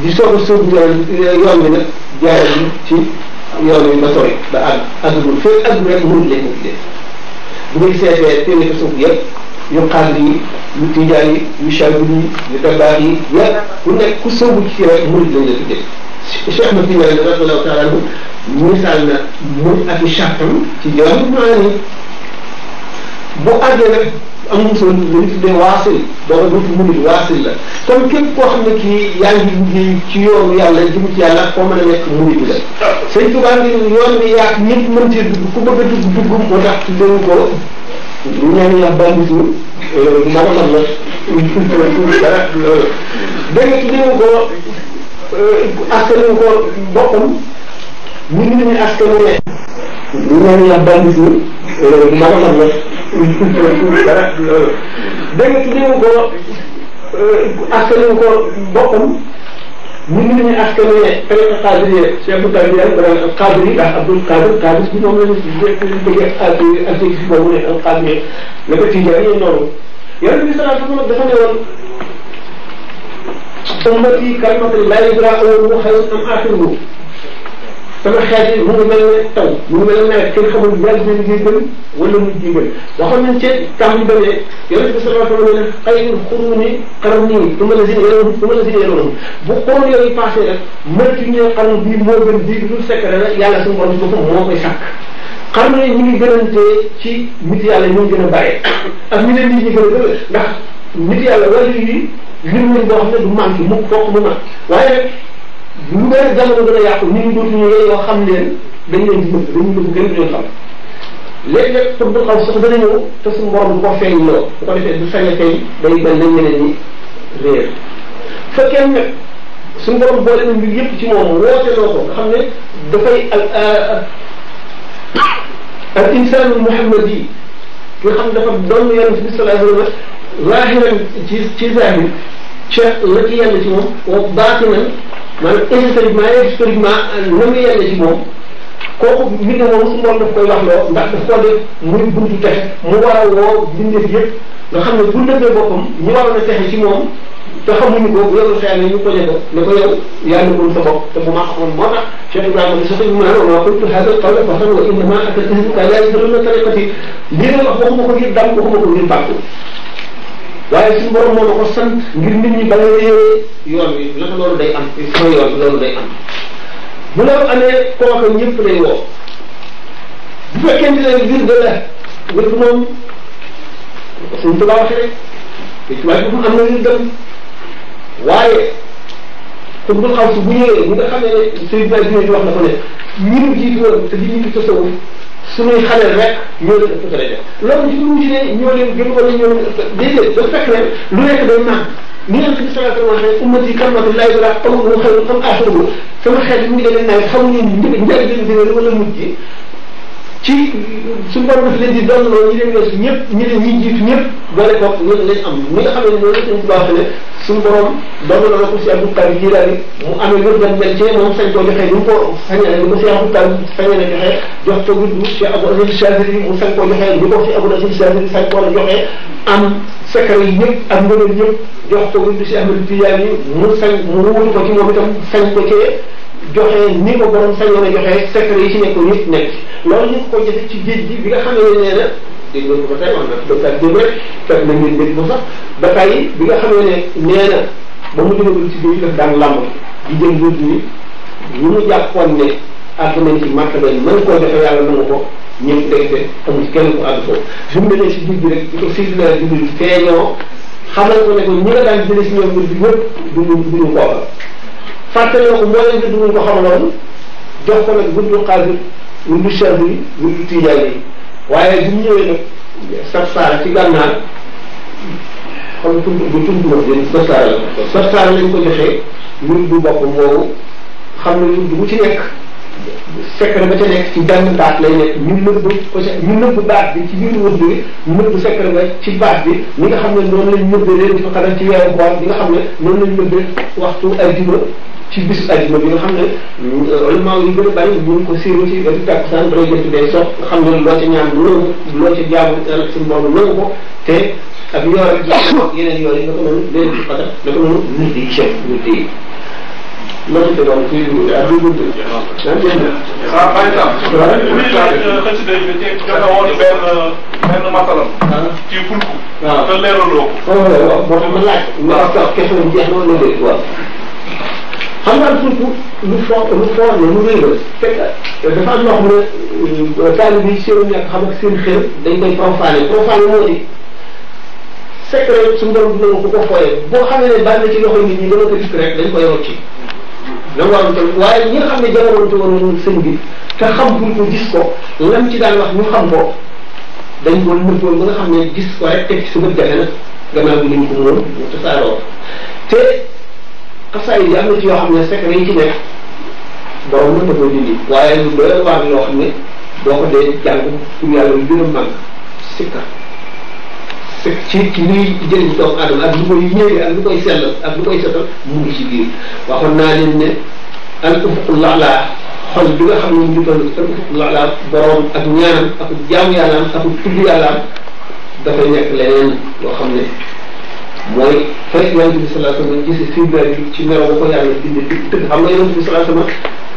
di soog a sóobu yoon yoon bi nag jaaree ci yoon bi ba sooy ba àgg àggagul fépp àggul rek mënut leen ko gisee bu nga gisee fee téeméer ko suuf yëpp yu xaadir yi yu tijaan yi yu chabir yi yu tabaar yi yëpp ku nekk ku sóobu ci rek mënut leen ko gisee. Cheikh Ahmad Tidiane radiyallahu taala anhu misaal na mu ak i ci yoon bi mu ànd bu àggee nag. amul solo li ñu tuddee waasil booba dootu munul waasil la kon képp koo xam ne kii yàlla jëm yàlla foo mën a nekk munul la. sëñ Tuubaa ngi yoon bi yaa ñëpp mën cee dugg ku bëgg a dugg dugg moo tax leen ko ñaan ya banditu maanaam la dara dégg nga tuddee ko euh, askan wi ko boppam ñu ngi leen askan ne ya banditu maanaam euh, dara dégg nga tuddee ko askan wi ko boppam ñun ñu askan wi ne tariqa qaadiri yi Cheikh Abdou Qadir wala qaadiri ndax Abdul Qadir Qadir bi moom la ñu déggee qaadiri ak si boobu ne al qaadiri la ko tijaan yi noonu yonent bi sallallahu alayhi wasallam dafa ne woon ummati kalimatu laa yudraa'u xayrun sama xeet yi mu ngi mel ne taw mu ngi mel ne nawet kenn xamul yàlla dina jiital wala mu jiital waxoon nañ ci tax ñu demee yonent bi sallallahu alayhi wa sallam ne xayrul xuruuni qarnii thumma lazina yalunhum thumma lazina yalunhum bu xool yooyu passé rek mënatu ñu xarnu bii moo gën bii lu fekk rek yàlla suñu gën a bare ak ñu leen di ñu gën a bëri ndax nit yàlla wàllu yi lim lañ boo xam ne du manqué mukk fokk mu manqué waaye lu gën a jamono gën a yàqu nit ñi dootuñu yoo xam leen dañ leen di bëgg dañu bëgg gën leen xam léegi nag pour bu xaw sax dana ñëw te suñu borom bu ko feeñ loo bu ko defee bu feeñee tey day mel nañ ñeneen ñi réer fekkee nag suñu borom boole na mbir yëpp ci moom woote loo ko nga xam ne dafay al [coughs] al insaanu muhammad yi nga xam dafa doon yonent bi sallallahu alayhi wa sallam waahiran ci ci zahir cheikh la ci yàlla ci moom wa baatinan maanaam historiquement historiquement na muy yàlla ci moom kooku mbir na moom su moom daf koy wax loo ndax daf buntu tex mu war a woo bindeef nga xam ne bu dëggee boppam ñu waroon a texe ci moom te xamuñu ko bu yowul xëy na ñu poñe ko ne ko yow yaa ngi sa bopp te bu ma xamoon moo tax Cheikh Ibrahima li sax ñu mën a wax waaw kuntu hada qawla fahran wa innama attabi'u ka la yadurruna tariqati lii nga wax waxuma ko ngir dam waxuma ko waaye suñu borom moo la ko sant ngir nit ñi bala réeree yoon wi naka loolu day am sama yoon loolu day am bu loolu amee kooka ñëpp lay woo bu la wér moom am na lu dem waaye pour bu xaw si bu ñëwee bu nga xam ne ne Seydina Diouf na ko ne ñi mu jiitu te di ñu ngi tasawuf suñuy xale rek ñoo leen ëpp daraja loolu ci ñu ne ñoo leen gën wala ñoo leen ëpp fekk ne lu nekk day naan ni leen fi sallallahu alayhi wa sallam waxee ummati kamatun laa yublaa awwaluhum xayrun am sama xeet bi mu ngi leen naaj xamuñu njëkk njëkk dina wala mujj ci suñu borom daf leen di doon loolu ñi leen weesu ñëpp ñi leen ñi jiitu ñëpp doole ko ñun lañ am ñi nga xam ne loolu lañ baax ne suñu borom doon na la ko si Abdou Karim jii daal mu amee wër dan mel ci moom sañ koo joxee ni mu ko sañale ni ko si Abdou Karim sañale joxee ko si Abdou Aziz Chaziri sañ koo joxee ni ko si Abdou Aziz Chaziri sañ koo la joxee am secret yi ñëpp ak ngëneel ñëpp jox ko sañ mu wutu ko ci moom itam sañ ko joxe ni ko borom sañoon a joxe secret yi ci nekkul nit nekk loolu ñu ngi ko jëfe ci géej gi bi nga xam ne nee na ba tey wax na ko daal jéem rek fekk na ngeen dégg bi nga xam ne nee na ba mu dugalul ci biir daf daan lamb ko ñëpp dégg amul kenn ku àgg foofu su mu demee si jiw rek di ko circulaire bi yëpp duñu duñu kooka fàttaloo ko mbooleem bi dugal ko xamaloon jox ko nag bundu xaadir bundu cheikh yi bundu tiijaan yi waaye bi mu ñëwee nag sarsaara ci gànnaar xam tudd bu tudd ma den sarsaara la sarsaara lañ ko joxee ñun bu bopp moomu xam na ñun ci nekk secret ba ca nekk ci benn baat lay nekk ñu nëbb ñu nëbb baat bi ci biir wëdd bi ñu nëbb secret ba ci baat bi ñi nga xam ne noonu lañ nëbbee leen di ko xaral ci weeru koor bi nga xam ne noonu lañ nëbbee waxtu ajjuma ci bisu ajjuma bi nga xam ne euh, ulama yi gën a bari ñu ngi ko siiru ci basi tàkkusaan dana jënd day sox nga xam ne loo ca ñaan nangu loo ca jaamu suñu boobu nangu ko te ak yoor yeneen yoor yi nga ko noonu leen di xatal da ko noonu nit yi chef nit yi loolu ci doon ci ak lu a ah par exemple. woon benn benn masalam. ci fulku. waaw te leeraloo ko. waaw moo tax ma laaj. waaw parce que na wala déet waaw. xam nga fulku lu fort lu fort la lu rëy la fekk dafa am loo xam ne taalib yi seen ñàkk xam dañ koy profané profané moo di secret suñu ko ko fooyee boo xamee ne bàyyi na ci loxo nit ñi dana ko rek dañ koy rocci loolu waroon tamit waaye ñi nga xam ne jamonoonte woon sëñ bi te xam buñ ko gis ko lam ci daan wax ñu xam ko dañ ko nëbboon ba nga xam ne gis ko rek teg ci suba jafe na gannaaw bi liñ ko moom mu tasaaroo te xasaay yi am na ci yoo xam ne secret yi ci nekk borom mën na ko dindi waaye lu doy waar loo xam ne boo ko dee jàng pour yàlla lu gën a màgg sikka ci ci luy jëriñ doomu adama ak lu ak lu koy ak lu koy setal mu ngi ci waxoon naa leen ne al ufuqul la'la xol bi nga xam ne ñu toll al ufuqul la'la ak ñaanam ak jaam yàllaam ak tudd yàllaam dafay nekk leneen loo xam ne mooy fay yonent bi sallallahu alayhi wasallam gis sibér bi ci melo ba ko nga yonent bi sallallahu alayhi wasallam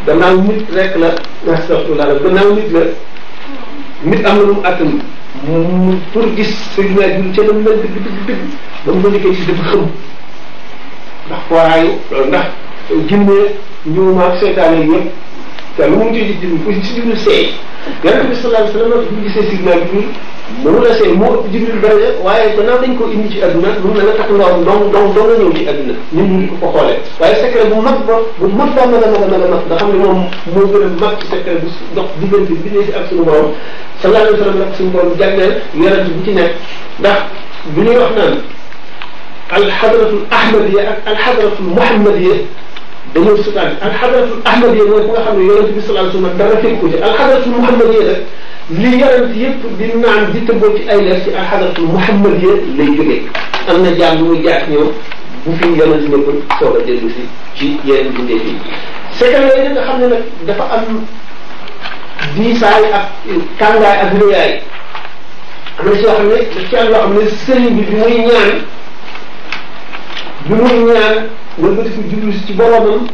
gannaaw nit rek la astafurlah gannaaw nit la nit am na lu mu pour gis Seydina Jibril ca la mel dëgg dëgg dëgg ba mu bëri ci dafa xëm ndax fooraayu loolu ndax jinne ñëw ma ak seytaane yëpp te lu mu ci jublu fu ci jublu seey yonent bi sallallahu alayhi wasallam bu gisee signal bi mënu la seey moo ëpp jublu daraja waaye gannaaw dañ ko indi ci adduna lu mu ne la tax nga woon dong dong dong la ñëw ci adduna ñun ñu ko xoolee waaye secret bu mag ba bu mag ba mag a mag a mag a mag nga xam ne moom moo gën a mag ci secret bu dox diggante bi ne si ak suñu borom sallallahu alayhi wasallam ak suñu borom jagleel yonent bu ci nekk ndax bi ñuy wax naan alxadratul ahmadiya ak alxadratul muhammadiya dañoo sutaat bi alxadratul ahmadiyya mooy ku nga xam ne yonente bi sallallahu alayhi wasallam dara fekk ko ci alxadratul muhammadiyya nag li yonent yëpp di naan di tëbboo ci ay leer ci alxadratul muhammadiyya lay jógee am na jaam muy jaat ñëw bu fi yonent nekkul soog a dellu si ci yeneen bindee yi secret yooyu nga xam ne nag dafa am diisaay ak kàngaay ak réyaay am na si yoo xam ne ci am loo xam ne sëriñ bi bi muy ñaan bi muy ñaan wëlbatiku jublu si ci boromam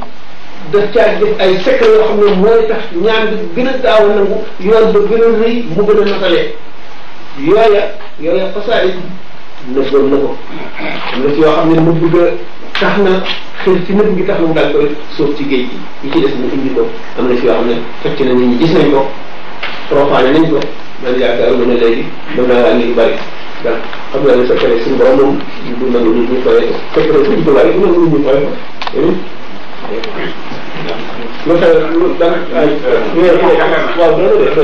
daf caa def ay secret yoo xam ne mooy tax ñaan bi gën a gaaw a nangu yoon ba gën a rëy mu gën a natalee yooya yooya xasaayid nëbboon na ko am na ci yoo xam ne nëbb ga tax na xëy ci nëbb gi tax na mu daal koy sóob ci géej gi yi ci des mu indi am na ci yoo xam ne fekk na nit ñi gis nañ ko rofaane nañ ko man yaakaar mën a léegi mën naa bari ndax xam naa ne sa keneen suñu borom moom du nangu ñu ñu fayee ko fekk na suñu tubaab yi du nangu ñu ñu fayee ko lu xel lu daan ay weer waaw dana def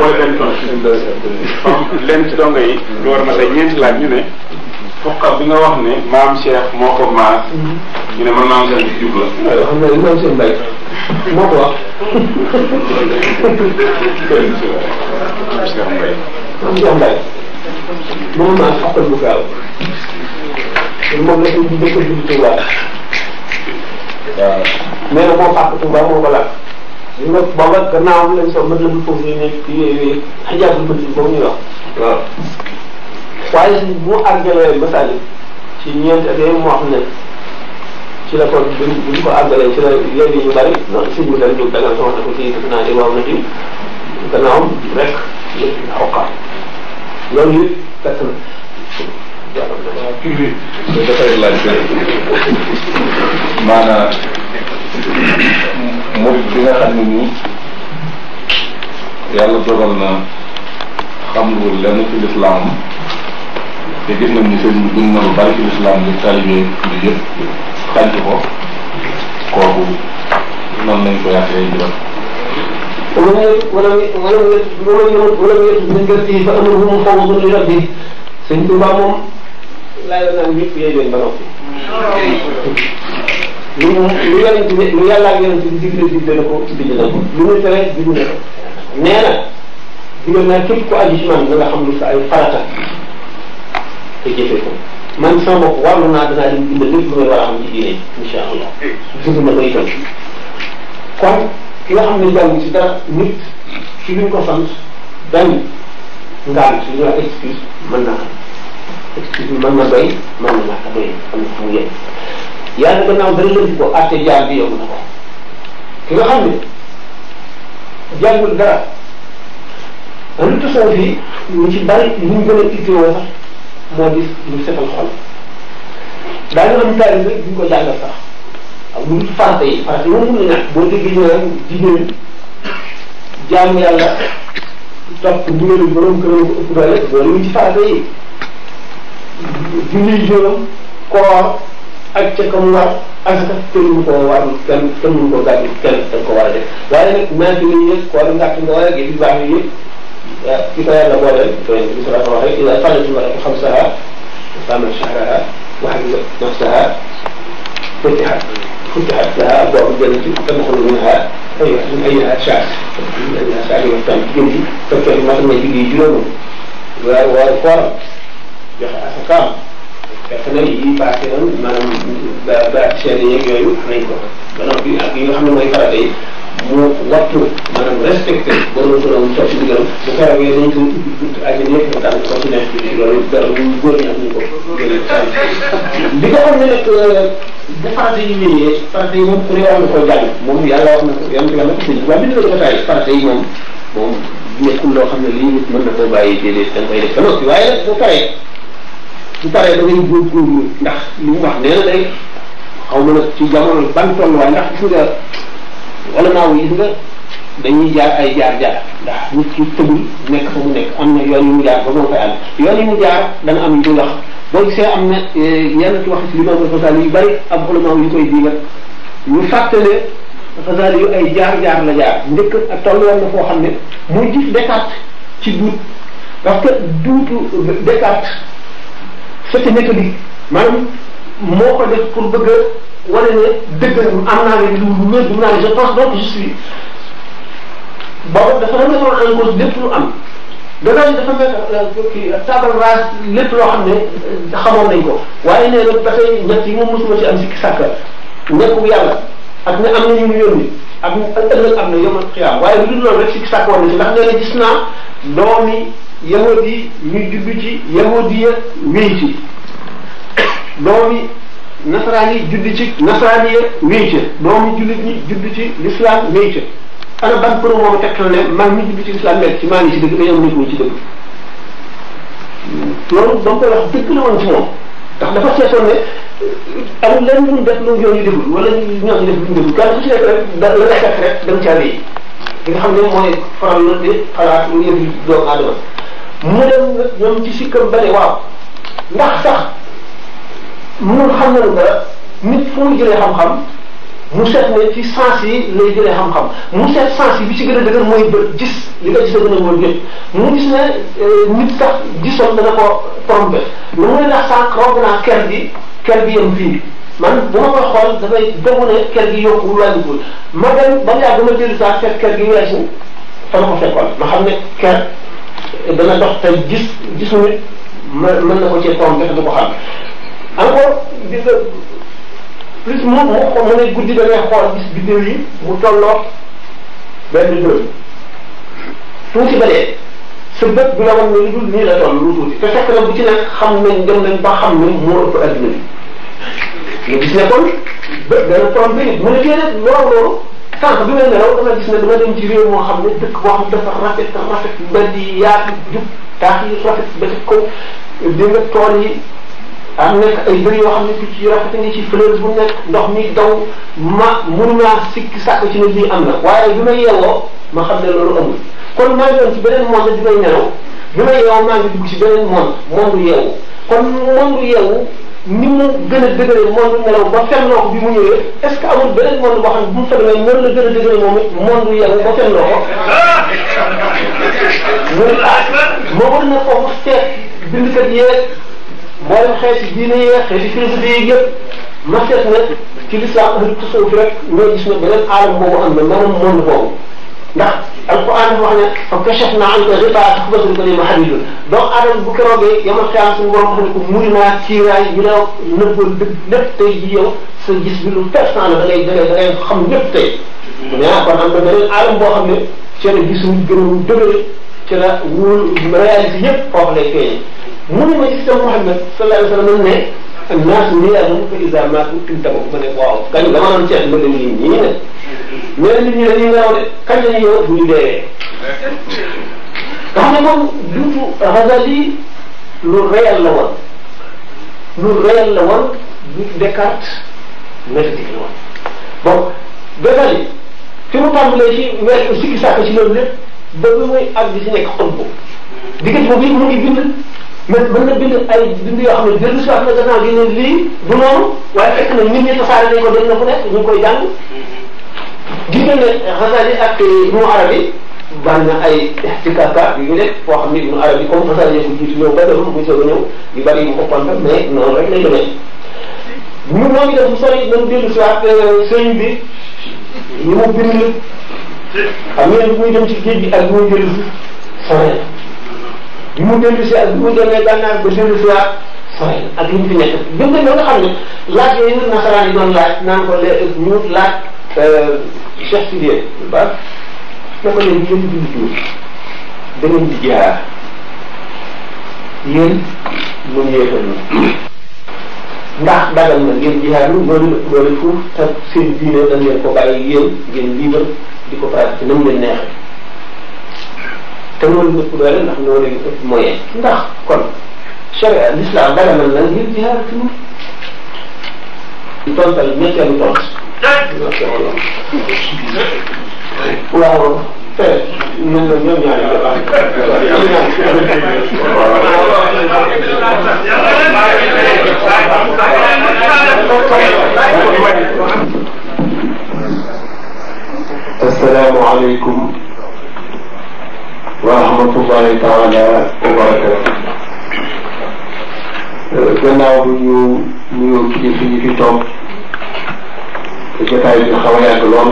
mooy benn tontu leen ci dongo yi lu war ma tey ñeenti laaj ñu ne fokka bi nga wax ne maam Cheikh moo ko maas ñu ne man maam Cheikh bi jub la waaw xam naa ne maam Cheikh Mbaye moo ko wax maam Cheikh Mbaye maam Cheikh Mbaye mënu ma am xaqal bu moom la ñu dëkk bi Touba waaw nee na moo fàq Touba moo ko laaj ñu nga booba gannaawam lañ soog mën nañu foofu ñu ne kii xajaatul bët yi boobu ñuy wax waaw waaye si bu àggalee masali ci ñeent ak yooyu moo xam ne ci la ko bu ñu ko àggalee ci la yéen ñu bari non si ñu dañ jóg da nga soxna ko kii def naa di waaw na ci gannaawam rek aw xaar loolu it fekk na. waaw kii bi. dafay laaj xam ne nii yàlla dogal na xamul lenn ci lislaam te gis nañ ni seen dund na lu bari ci lislaam kooku noonu lañ ko yàqee ñu ومن ولم ولم ولم يمت ولم يمت من جرته فأمره مفوض لربه sëñ Touba moom laa la naan ñëpp yey leen ba noppi lu lu yonent bi lu yàlla ak yonent bi digle digle na ko digle na ko lu mu tere digle na ko nee na digal naa képp ku aju ci man na nga xam lu sa ay farata te jëfee ko man sama bopp warlu naa danaa leen bind lépp lu may war a xam ci diine insha allah gis na ko itam kon ki nga xam ne jàng ci dara nit ci luñ ko sant dañ ngaan su ñu wax excuse mën naa xam excuse bi na doy mën na ñàkk a doy am na fu mu yem yàlla gannaaw dana leen na ko ki nga xam ne jàngul dara lu tasoo fii ñu ci bari li ñu gën a itteewoo sax moo di ñu setal xol daa nga am taalib rek duñ ko sax ak bu dul farata yi farata yi moom mun na ñàkk boo déggee ñu naan jigéen jaam yàlla topp ndigalu borom këram ko ëpp doole loolu mu ci farata yi julli juróom koor ak ca kam war asaka kenn mu ko war kenn kenn mu ko gàddu kenn da ko war a def waaye nag ñaata la yëpp koor ngàtt nga war a gis baax yi yëpp ah, ki ko yàlla booleel doyen bi sala ko waxee ila fàllatu ma xam saha samal shahraha wax ak nafsaha fatiha كنت أفتها أبواب الجنة تدخل منها من أيها شعب من أيها شعب يفتح جلدي فكر ما تم يجي جنون وفار أسكام fekk yi yi paase woon maanaam ba ba seen yeeg yooyu xam nañ ko ba noppi ak yi nga xam ne mooy farata yi mu wattu maanaam respecté ba doon ko doon toog si diggam bu ko rawee dañ ko ubbi ak yéen yëpp daal ko ci nekk loolu dara lu góor ñi am ñu ko gën a li ko xam ne nag bu farata yi wéyee farata yi moom ku ne war na koo jàng moom yàlla wax na ko yàlla na ko sëñ waaye bind na ko tàyyi farata yi moom moom nekkul loo xam ne lii nit mën na koo bàyyi déedéet da nga koy def ba noppi waaye nag bu paree bu paree da ngay góorgóorlu ndax li mu wax nee na day xaw ma nag ci jamono ban tolluwaay ndax gis nga wala naaw gis nga dañuy jaar ay jaar-jaar ndax nit ki tëbul nekk fa mu nekk am na yoon yu mu jaar ba moo koy ànd yoon yu mu jaar dana am yu wax boo gisee am na yenn e, ci wax ci Imam al yu bari am ulama yu koy diigal ñu fàttale Ghazali yu ay jaar-jaar la jaar njëkk a toll woon na foo xam ne muy gis Descartes ci duut parce que duutu Descartes c'était méthodique maanaam moo ko def pour bëgg a wane ne dëgg am naa ne lu wér du naa ne je pense donc je suis boobu dafa remettre en cause lépp lu am dana yi dafa mel euh, kii euh, table rase lépp loo xam ne euh, xamoon nañ ko waaye nee na ba tey ñett yi moom mosuma ci am sikki sàkka nekku yàlla ak ne am na ñu mu yónni ak ëllëg am na yomal xiyaam waaye lu dul loolu rek sikki sàkka woon na ci ndax nee na gis naa doomi yahudi ñu juddu ci yahudi ya wéy ci doomi nasaraan yi judd ci nasaraan ya wéy ca doomi jullit ñi ci l'islam wéy ca ana ban përëm moom tegtal ne maa ngi ci biti ci maa ngi ci dëgg dañoo nekk ñu ci dëgg loolu ba mu koy wax la woon ci moom ndax dafa seetoon ne amul lenn lu ñu def lu ñooñu déglu wala ñooñu def lu ñu déglu kenn ku ci nekk la la fekk rek dem caa yi li nga xam ne mooy faral la de xalaat lu yëf yi doomu aadama mu dem ñoom ci sikkam ba ne waaw ndax sax mun xam nañu dara nit fu mu xam-xam mu seet ne ci sens yi lay jëlee xam-xam mu seet sens yi bi ci gën a dëgër mooy bët gis li nga gis a gën a wóor yëpp mu gis ne euh, nit sax gisoon dana ko trompé lu muy ndax sànq romb naa ker gi ker gi yem fii man bu ma koy xool dafay demu ne ker gi yokkuwul wàññiwul ma dem ba mu yàgg ma dellu saa ker gi weesu fa ma ko fekkoon ma xam ne ker dana dox te gis gisu nit mën na ko cee trompé te du ko xam encore plus moom moo mu ne guddi da ngay xool gis biddew yi mu tolloo benn dërëm tuuti ba dee sa bët bu la wan ne lu nii la toll tuuti te fekk na bu ci nekk xam nañ dem nañ ba xam ne moo ëpp adduna bi nga gis ne kon bët dana trompé nit mu ne déedéet loolu loolu sànq bi may nelaw dama gis ne dama dem ci réew moo xam ne dëkk boo xam dafa rafet rafet mbedd yi yaatu jub taax yi rafet ba ci kaw dégg nga tool yi am nekk ay mbir yoo xam ne picc yu rafet ngi ci fleur bu nekk ndox mi daw ma mënuñaa sikki sàkk ci ne lii am na waaye bi ma yeewoo ma xam ne loolu amul kon maa ngi doon ci beneen monde bi may nelaw bi ma yeewoo maa ngi dugg ci beneen monde monde yeewu kon monde yeewu ni mu gën a dëgëre monde nelaw ba fennoo ko bi mu ñëwee est ce que amul beneen monde boo xam ne bu mu fennee noonu la gën a dëgëre moom it monde yeewu ba fennoo ko [laughs] loolu ah ma war na foofu seet bindkat yeeg mboolem xeeti diine yeeg xeeti philosophie yeeg yëpp ma seet na ci lislaam ahlu tasawuf ne beneen aalam boobu am na maanaam ne fa kashafna anka ghita'aka fabasaruka al-yawma hadidun doomu aadama bu keroogee yamal xiyaam suñu ne ko muri naa ciiraay ñu la nëbboon dëgg lépp tey ji yow sa gis bi lu persan la da ngay da ngay da ngay xam lépp tey mais ah, kon am na beneen aalam boo xam ne ci gën a dëgëre ci la wóor réalité yëpp foofu mu ne ma gis tam Muhammad sallallahu alayhi wa sallam ne ak naas niyaam fa iza maatu intabahu ma ne waaw kañ dama doon ceeb ma dem nii ñii ne mais nit ñi dañuy nelaw de kañ la ñuy yow bu ñu deewee nga xam ne moom duutu Razali lu réel la woon lu réel la woon du Descartes métaphysique la woon bon Razali fi mu tàmbalee ci weer sikki sàkk ci loolu lépp ba bi muy àgg di si nekk xol ko diggante boobu mu ngi bind mais mën na bind ay bind yoo xam ne dellu si wax na gannaaw gi ne lii du noonu waaye fekk na nit ñi tasaare nañ ko dem na fu nekk ñu ngi koy jàng gis ne Xasaali ak Ibnu Arabi bari na ay ihtikaka yu ñu def foo xam ne Ibnu Arabi comme Xasaali mu a ñëw yu bari ko kontaan mais noonu rek lay demee ñu moo ngi def bu sori nañ dellu si waat euh, sëñ bi ñu mu bind xam ngeen muy dem ci géej gi ak muy dellu si sori li mu dellu si ak li mu demee gànnaar ba dellu si ak li ñu fi nekk jëm nañ laaj yooyu ko le ñu laaj euh, Cheikh Sidiyee ba da ko leen yéen di jiw da ngeen na ndax dagal na ngeen jihaaru loolu loolu foofu te seen diine da ko bàyyi yéen ngeen libre di ko pratiquer na mu leen neexee te mënuñ ko tuddaale ndax ñoo leen ëpp moyen ndax kon charia l'islam dara na la ngir jihaar ci moom tontal ñetteelu tont waaw te mel na ñoom ñaari asalaamaaleykum rahmatullahi taala wa barakatu gannaaw bu ñu nuyoo kilifa yi fi toog jotaay bi xaw a yàgg lool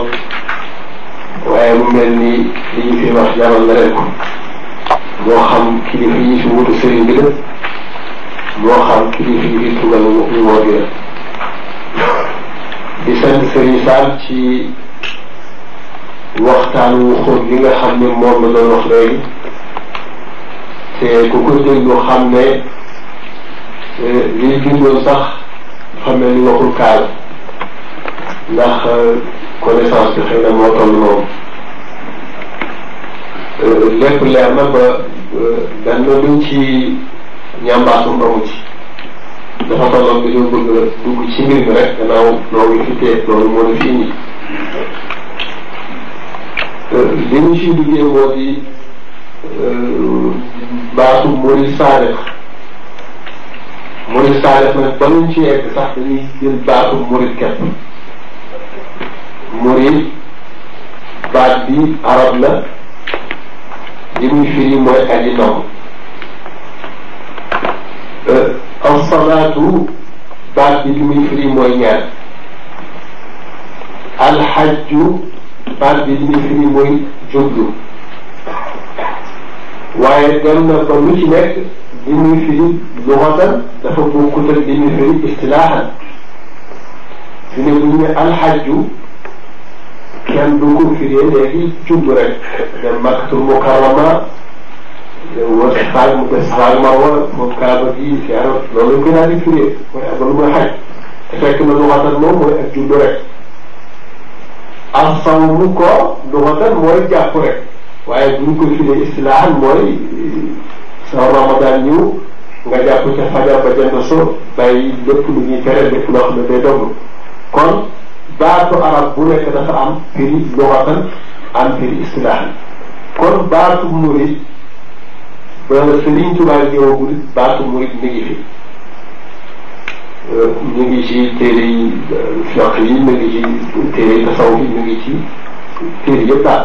waaye mu mel ni li ñu fi wax jaral na leen ko moo xam kilifa yi fi wutu sëriñ bi moo xam kilifa yi fi tugal ñu woo bi la di sant sëriñ Sall ci waxtaan wu xóot li nga xam ne moom la doon wax te ku ko déglu xam ne euh, liy bindoon sax xam ne ni waxul kaal euh, connaissance bi xëy na moo toll moom euh, lépp leer na ba dan na luñ ci ñambaatum amu ci dafa tolloon bi ñu bëgg dugg ci mbir rek gannaaw loolu fi tee loolu moo ne fii nii li ñu ciy duggee moo baasu murid saalix murid saalix nag ba ñu ci yegg sax dañuy jël baasu murid kepp murid baat bi arab la li muy firi mooy aji ndaw euh, alsalaatu baat bi li muy firi mooy ñaar alxajju baat bi li muy firi mooy jublu waaye dem na ba lu ci nekk li muy firi luxatan dafa bokkut ak li muy firi istilaahan fi ne bu ñu ne alxajju kenn du ko firee léegi jubbu rek dem makkatul mukarrama wala saal mu des saal marwa moom kaaba gi si arab loolu ko daal di firee mooy abalu mooy xaj te fekk na luxatan moom mooy ak jubbu rek asawmu ko luxatan mooy jàpp rek waaye bu ñu ko firee mooy sa ramadan ñëw nga jàpp ca fajar ba jënd so bàyyi lépp lu tere lépp loo xam ne day dogg kon baatu arab bu nekk dafa am firi luxatan am firi istilahan kon baatu murid ba Sëriñ Tuubaa ñëwagul baatu murid mi ngi fi euh, mi ngi ci téere yi euh, fiq yi mi ngi ci téere tasawuf yi mi ngi ci téere yëpp daal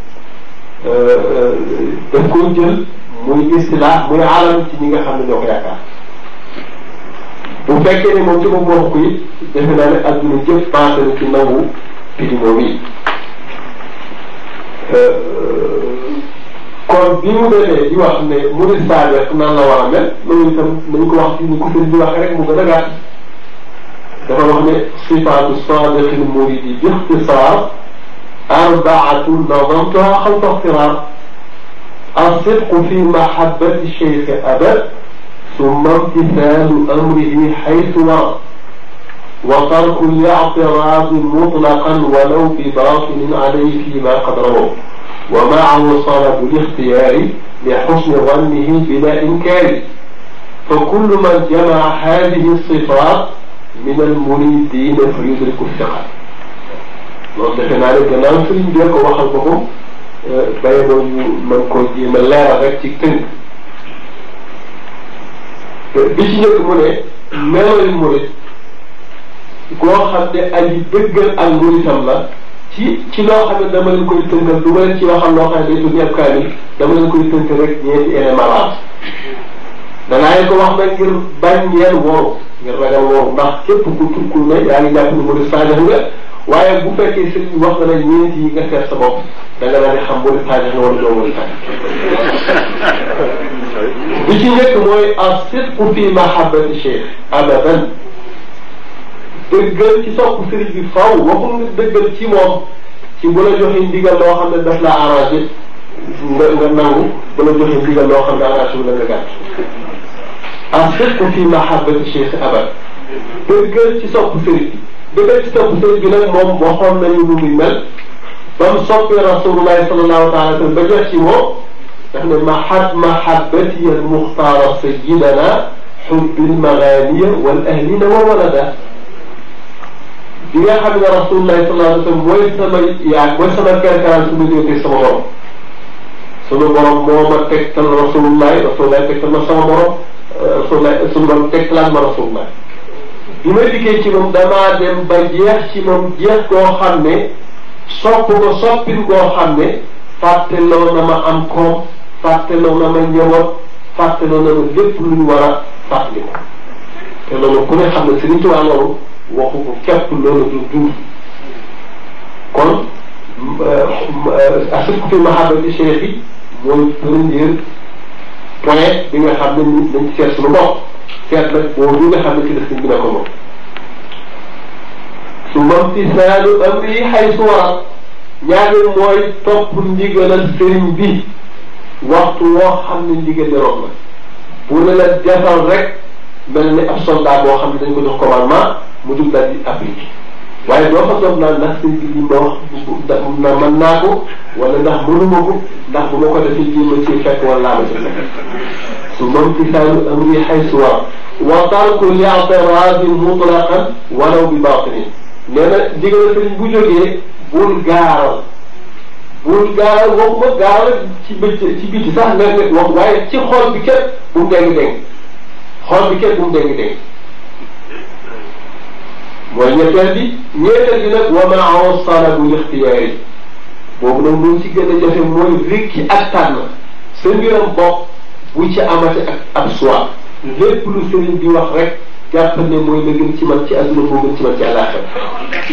Euh, euh, daf koy jël muy istilaax muy alam ci ñi nga xam ne ñoo ko yaakaar bu fekkee ne moom ci moom wax ko it defe naa ne adduna jëpp pensé na ci nangu pidimo bi euh, kon bi mu demee di wax ne murid sadiq nan la war a mel loolu itam nañ ko wax ci ni ko sëñ bi wax rek mu gën a gàtt dafa wax ne sifaatu sadiqil muridi bi ixtisaar أربعة نظمتها خلف اغترار الصدق في محبة الشيخ أبد ثم امتثال أمره حيث ورد وترك الاعتراض مطلقا ولو بباطل عليه فيما قد رواه ومعه صلب الاختيار لحسن ظنه بلا إنكار فكل من جمع هذه الصفات من المريدين فيدرك الثقة loolu defe naa ne gannaaw sëriñ bi ko waxal boppam euh, bayadoo ñu mën koo jéem a leeral rek ci tënk bi ci njëkk mu ne meloy murit goo xam ne aji dëggal ak muritam la ci ci loo xam ne dama leen koy tënkal du ma leen ci waxal loo xam ne day tudd kaamil dama leen koy tënkal rek ñeenti élément la danaa leen ko wax nag ngir bañ ngeen woru ngir ragal woru ndax képp ku tukkul ne yaa ngi jàpp ne murit saadax nga waaye bu fekkee sëñ bi wax na la ñeenti yi nga seet sa bopp da nga daal di xam boo di tàggat nga war a doo war a tàggat bi ci njëkk mooy as-sidqu fi mahabbati cheikh abadan dëggal ci sopp sëriñ bi faw waxul nga dëggal ci moom ci bu la joxe ndigal loo xam ne daf la arrangé nga nga nangu bu la joxe ndigal loo xam ne arrangé wu la nga gàtt as-sidqu fi mahabbati cheikh abad dëggal ci sopp sëriñ bi bi nga ci topp sëñ bi nag moom waxoon nañu lu muy mel ba mu soppi rasulullahi sallallahu taala sallam ba jeex ci moom ndax ne mahab mahabati al muxtaara sayidana xubbil maganiya wal ahlina wa walada bi nga xam ne rasulullahi sallallahu alayhi sallam mooy sama yaa mooy sama kerkaraan su ma jóotee sama borom sunu borom moo ma tegtal rasulullahi rasulullahi tegtal ma sama borom rasulullahi sunu borom tegtalaat ma rasulullahi bi ma dikkee ci moom damaa dem ba jeex ci moom jeex koo xam ne sopp ko soppin koo xam ne fàtteloo na ma am koom fàtteloo na ma njaboot fàtteloo na ma lépp lu war a fàttali ko te loolu kon asut fi mahabati nga xam ne ni dañ ci seet suñu seet la moom mi nga xam ne ci des nañ bi na ko moom su mam tisaalu amri xay suwara mooy topp ndigalal sëriñ bi waxtu woo xam ne ndigal di rob la a ne la defal rek mel ni ab soldat boo xam ne dañ ko jox commandement mu jug daal di appliqué waaye doo fa soog naa ndax sëriñ bi ma wax ndax na mën naa ko wala ndax mënuma ko ndax bu ma ko defee lii ma fekk wala laa ma ci fekk ثم امتثال أمري حيث ورد وترك الاعتراض مطلقا ولو بباطل nee na digal sëriñ bu jógee bul gaaral bul gaaral waxuma gaaral ci bëccëg ci biti sax nga ne wax waaye ci xol bu mu dégg dégg xol bu mu dégg dégg mooy ñetteel bi ñetteel bi nag wa maa salabu ixtiyaari boobu nag lu ci gën a jafe mooy rikki ak tànn sa mbiram bu ci amati ak ab choix lépp lu sëriñ wax rek jàpp ne mooy la gën ci man ci àdduna moo gën ci man ci àllaaxira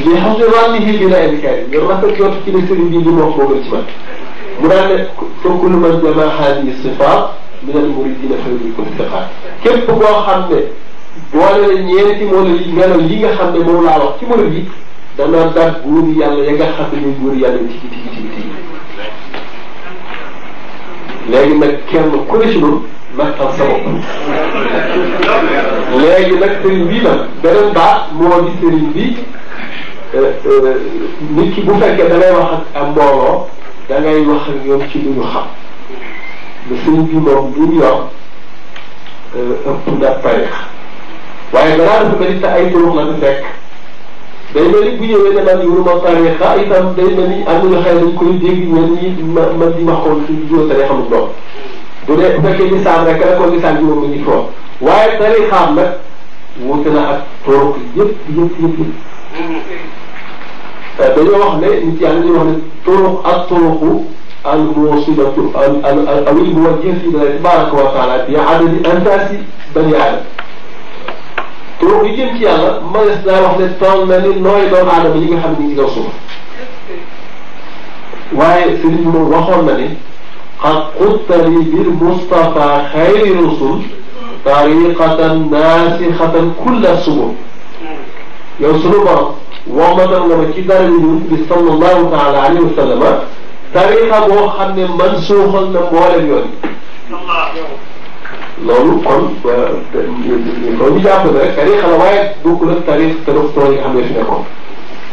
li xam ne wàllu bi la indikaay yi nga rafet jot ci ne sëriñ bi li mu wax moo gën ci man mu daan ne fokk lu man jamaa haadi sifaat minal muridina xëy ko sifaat képp koo xam ne boole la ñeenti moolal yi melo yi nga xam ne moom laa wax ci moolal yi danaa dab buur yàlla ya nga xam ne ñuy buur yàlla tigi tigi tigi tigi léegi nag kenn ku ne ci ñun naxtaan sa bopp léegi nag sëriñ bi nag beneen baax moo di sëriñ bi euh, euh, nit ki bu fekkee da wax ak am mbooloo da ngay wax ci lu ñu xam le sëriñ bi moom du ñu yor euh, ëpp na pareex waaye danaa dafa mel ni te ay turuux la du nekk day mel ni bu ñëwee ne man yow ma tarixa itam day mel ni am na xëy dañ koy dégg ma xool ci jiw tarixa mu doon bu dee bu fekkee nisaan rek la kon nisaan juróom mi ngi toog na ak toog yëpp yëpp yëpp yëpp. dañoo wax ne nit yàlla dañoo wax ne turuq ak turuqu al muwasilatu al al al al muwajjih si tabaraka wa te wax yu jëm ci yàlla mënees wax ne toll na nooy doomu aadama yi nga xam ne ñu ngi daw suuf waaye sëriñ bi moom bil Mustafa xayri rusul tariqatan naasixatan kulla subul yow sunu borom wombatal nga ma ci dara ñu bi sallallahu taala alayhi wa sallama tariqa boo xam ne man suuxal na mboolem yoon loolu kon euh, euh, loolu ñu jàpp ne tariqa la waaye bokkul ak tariqa docteur yi nga xam ne ko nekkoon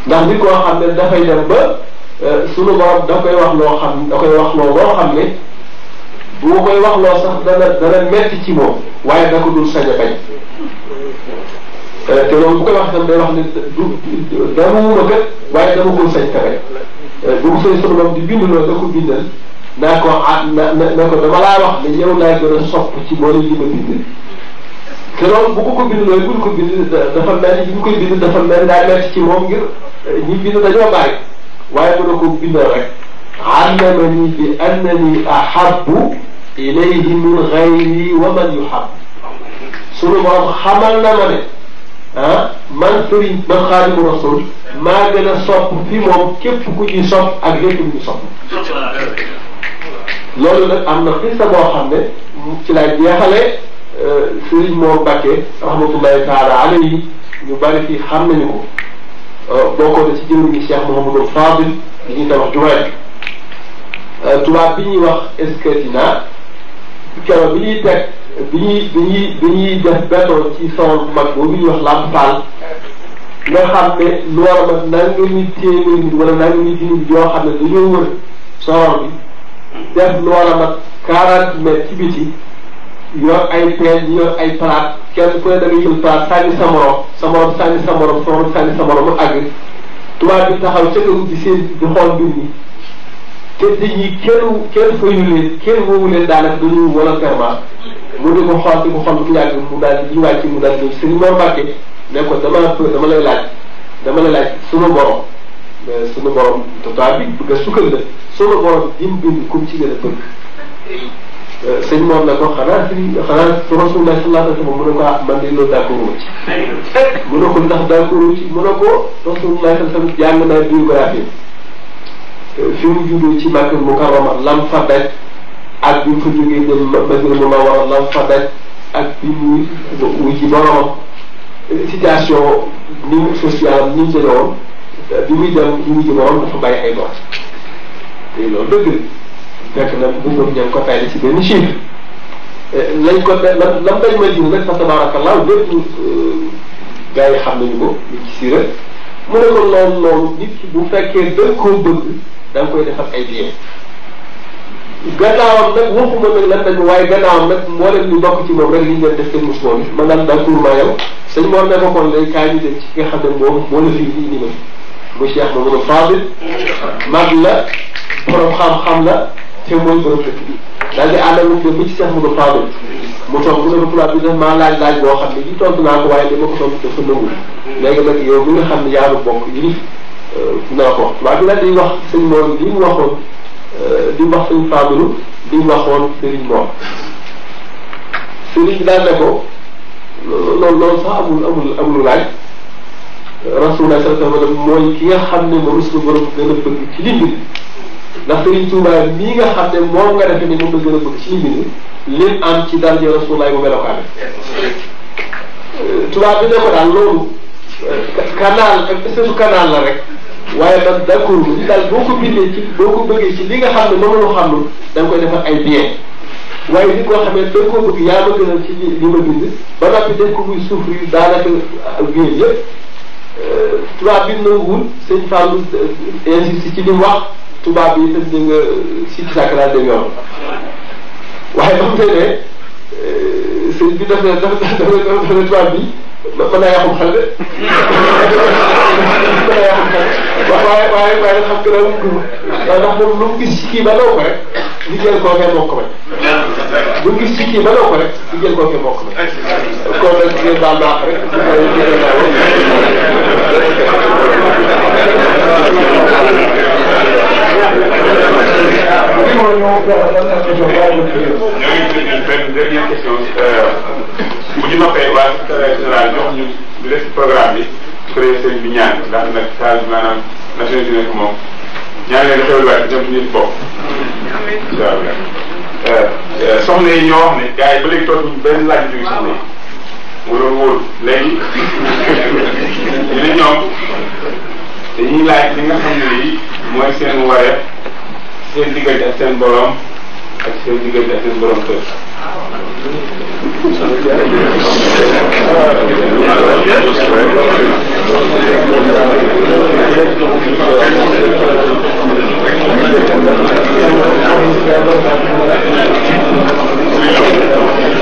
ndax nit koo xam ne dafay dem ba euh, sunu borom da koy wax loo xam da koy wax loo loo xam ne bu wax loo sax dana dana metti ci moom waaye da ko dul a bañ loolu bu koy wax itam day wax ne du dama wuma kat waaye dama ko sañ te bañ bu ko di bind loolu da ko bindal naa ko ah na na wax ne yow laa gën a sopp ma bind te bu ko ko bind looy bu ko bind dafa mel ni koy ci moom ngir ñi bind dañoo bari waaye mën na ko bi annani ahabbu ilayhi man yuhab sunu borom xamal na ma ah, maa gën a fi moom képp ku ñuy sopp ak lépp ku ñuy loolu nag am na xisa boo xam ne ci laay jeexale euh, Serigne Mor Mbacké rahmatullahi taala alayhi ñu bari fii xam nañu ko euh, bokkoon na ci jëwriñu Cheikh Mouhamadou Fadil li ñuy tabax jumaa ji euh, tubaab bi ñuy wax escatina keroog bi ñuy teg bi ñuy bi ñuy bi ñuy def béton ci son bu mag boobu ñuy wax lamp faal nga xam ne lu war a mat nangami téeméer nit wala nangami junni yoo xam ne dañoo wër soor bi def lu war a mat quarante mètres ci biti yor ay peel yor ay palaat kenn ku ne da nga jël palaat sànni sa morom sa sa morom sa morom mu àgg tubaab bi taxaw ca kaw di seen di xool mbir mi te dañuy kenn kenn fayu leen kenn woowu leen daanaka dañu volontairement mu di ko xool di ko xool bu yàgg mu daal di wàcc mu daal di sëriñ Mor Mbàkke ne ko dama dama lay laaj dama lay laaj suma boro suñu borom tubaab bi bëgg a sukkal la suñu borom jëm bind kum ci gën bëgg. Euh, sëñ moom na ko xanaa si xanaa su mu ne ko ah man de loolu d'accord ci. mu ne ko ndax d'accord ci mu ne ko rasulullah sallallahu alayhi wa sallam jàng naa biographie euh, mu juddoo ci Makka Mukarrama lam fa daj ak bi mu fa jógee dem Madina Munawwara lam fa daj ak bi mu wu ci boromam euh, situation ni mu social ni mu bi muy dem ñu ci borom dafa bàyyi ay bor te loolu dëgg fekk na bëggoon ña ko fayal ci benn chiffre lañ ko la lam bay ma jiw nag fa tabarakallah lépp euh, gars yi xam nañu ko ñu ci siira mu ne ko loolu loolu nit bu fekkee dëgg koo bëgg da nga koy defal ay bien gannaawam nag waxuma nag lan lañ waaye gannaawam nag moo leen ñu bokk ci moom rek li ñu doon def seen mosu moom it ma naan daal pour ma yow sëñ Mor ne ko kon lay kaa ñu dem ci ki nga xam ne moom moo la fi indi nii bu Cheikh Mamadou Fadil mag la borom xam-xam la te mooy borom dëkk bi daal di àndal mu dem ba ci Cheikh Mamadou mu toog bu ne ma tubaab bi daf maa laaj laaj boo xam ne ji tontu naa ko waaye li ma ko tontu dafa nangu léegi nag yow mi nga xam ne yaa ma bokk yi euh, naa ko wax tubaab bi nag dañuy wax sëñ moom li mu waxoon di wax sëñ Fadilu di waxoon sëriñ moom sëriñ bi daal ne ko loolu loolu sax amul amul amul laaj rasulullah sallallahu alayhi wa sallam mooy ki nga xam ne moom suñu borom gën a bëgg ci li mbind ndax Sëriñ Tuuba mii nga xam ne moom nga defe ni moom la gën a bëgg ci li mbind lim am ci daraja rasulullah bu melokaane euh, tubaab bi ne ko daal loolu euh, canal espèce de canal la rek waaye man d'accord ñu daal boo ko bindee ci boo ko bëggee ci li nga xam ne moom la xamul da nga koy defar ay bien waaye li koo xamee da nga koo bëgg yaa ma gënal ci li ma bind ba noppi def ko muy souffrir daanaka bien yëpp tubaab bi nanguwul sëñ Fallou euh, insiste ci li mu wax tubaab bi itam ñu nga site sacral de ñoom waaye ba mu ne euh, sëñ bi daf ne dafa dafa dafa tubaab bi. ba ba yàqum xel de ba yàqum xel waaye waaye waaye xam nga daal moom ndax moom lu mu gis ci kii ba law ko rek di jël kookee mokk bañ lu mu gis ci kii ba law ko rek di jël kookee mokk bañ kon nag ngeen baal baax rek ngeen baal benn dernière question bu ñu noppee waa secrétaire général jox ñu li des programme bi su ko defee sëñ bi ñaan ndax nag saa maanaam Nations Unies moom ñaan leen xewlu waay ñoom ñu bopp incha allah soxna yi ñoo wax ne gars yi ba léegi toog benn laaj bi soxna yi wóor wóor léegi ñu ne ñoom dañuy laaj li nga xam ne lii mooy seen wareef seen diggante ak seen borom ak seen diggante ak seen borom kër.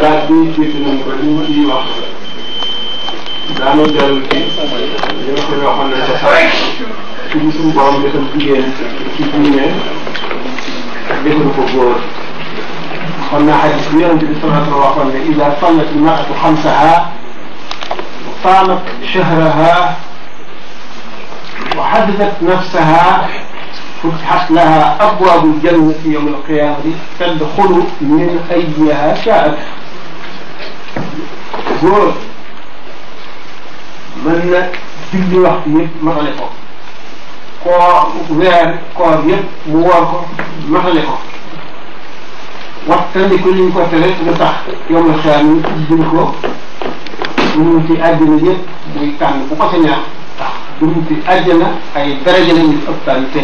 baat bi jiitu nañ ko li mu ciy wax daanu dellu ci li nga xam ne waxoon nañ ko sax ci suñu borom defal jigéen ci diine ak benn ko góor waxoon naa xadis bu yonente bi sallallahu alayhi wa sallam waxoon ne ida sallat imraatu xamsaha wa saamat shahraha wa xaddat nafsaha futixat laha abwaabu ljannati yowma alqiyamati tadxulu min ayyiha shaat góor mën na julli waxtu yëpp matale ko koor weer koor yëpp mu woor ko matale ko waxtandiku liñ ko tere lu tax yow la xeer ñu dund ko dund ci àddina yëpp muy tànn bu ko sa ñaar tax dund ci àddina ay daraja lañu ëppante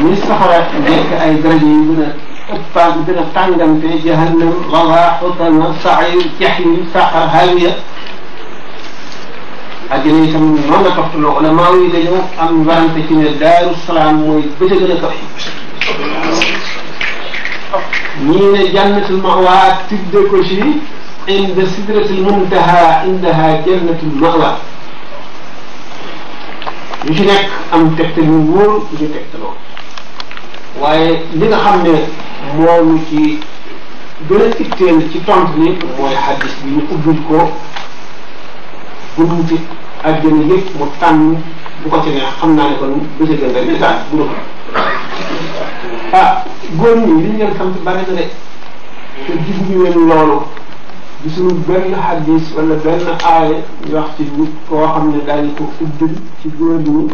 muy safara nekk ay daraja yu gën a ëppaan gën a tàngante jahannam rawaa xutana saayir jahim saxar hawiya àddina yi tam noonu la toxtaloo ulamaa yi dañoo am warante ci ne daaru salaam mooy bëccëg gën a kawe ñii ne jannatul mawa tudde ko ci inda sidratul muntaha indaha jannatul mawa yu ci nekk am tegtal yu wóor yu ñu tegtaloo waaye li nga xam ne moom ci gën a itteel ci tontu ni mooy xaddis bi ñu ubbil ko bunti àjjana yëpp mu tànn bu ko ci neex xam naa ne kon monsieur Guèye nga dégg daal bu ah góor ñi li ñu leen sant bari na de te gisuñu leen loolu gisuñu benn hadis wala benn aaya ñu wax ci koo xam ne daañu ko ubbil ci góor ñi.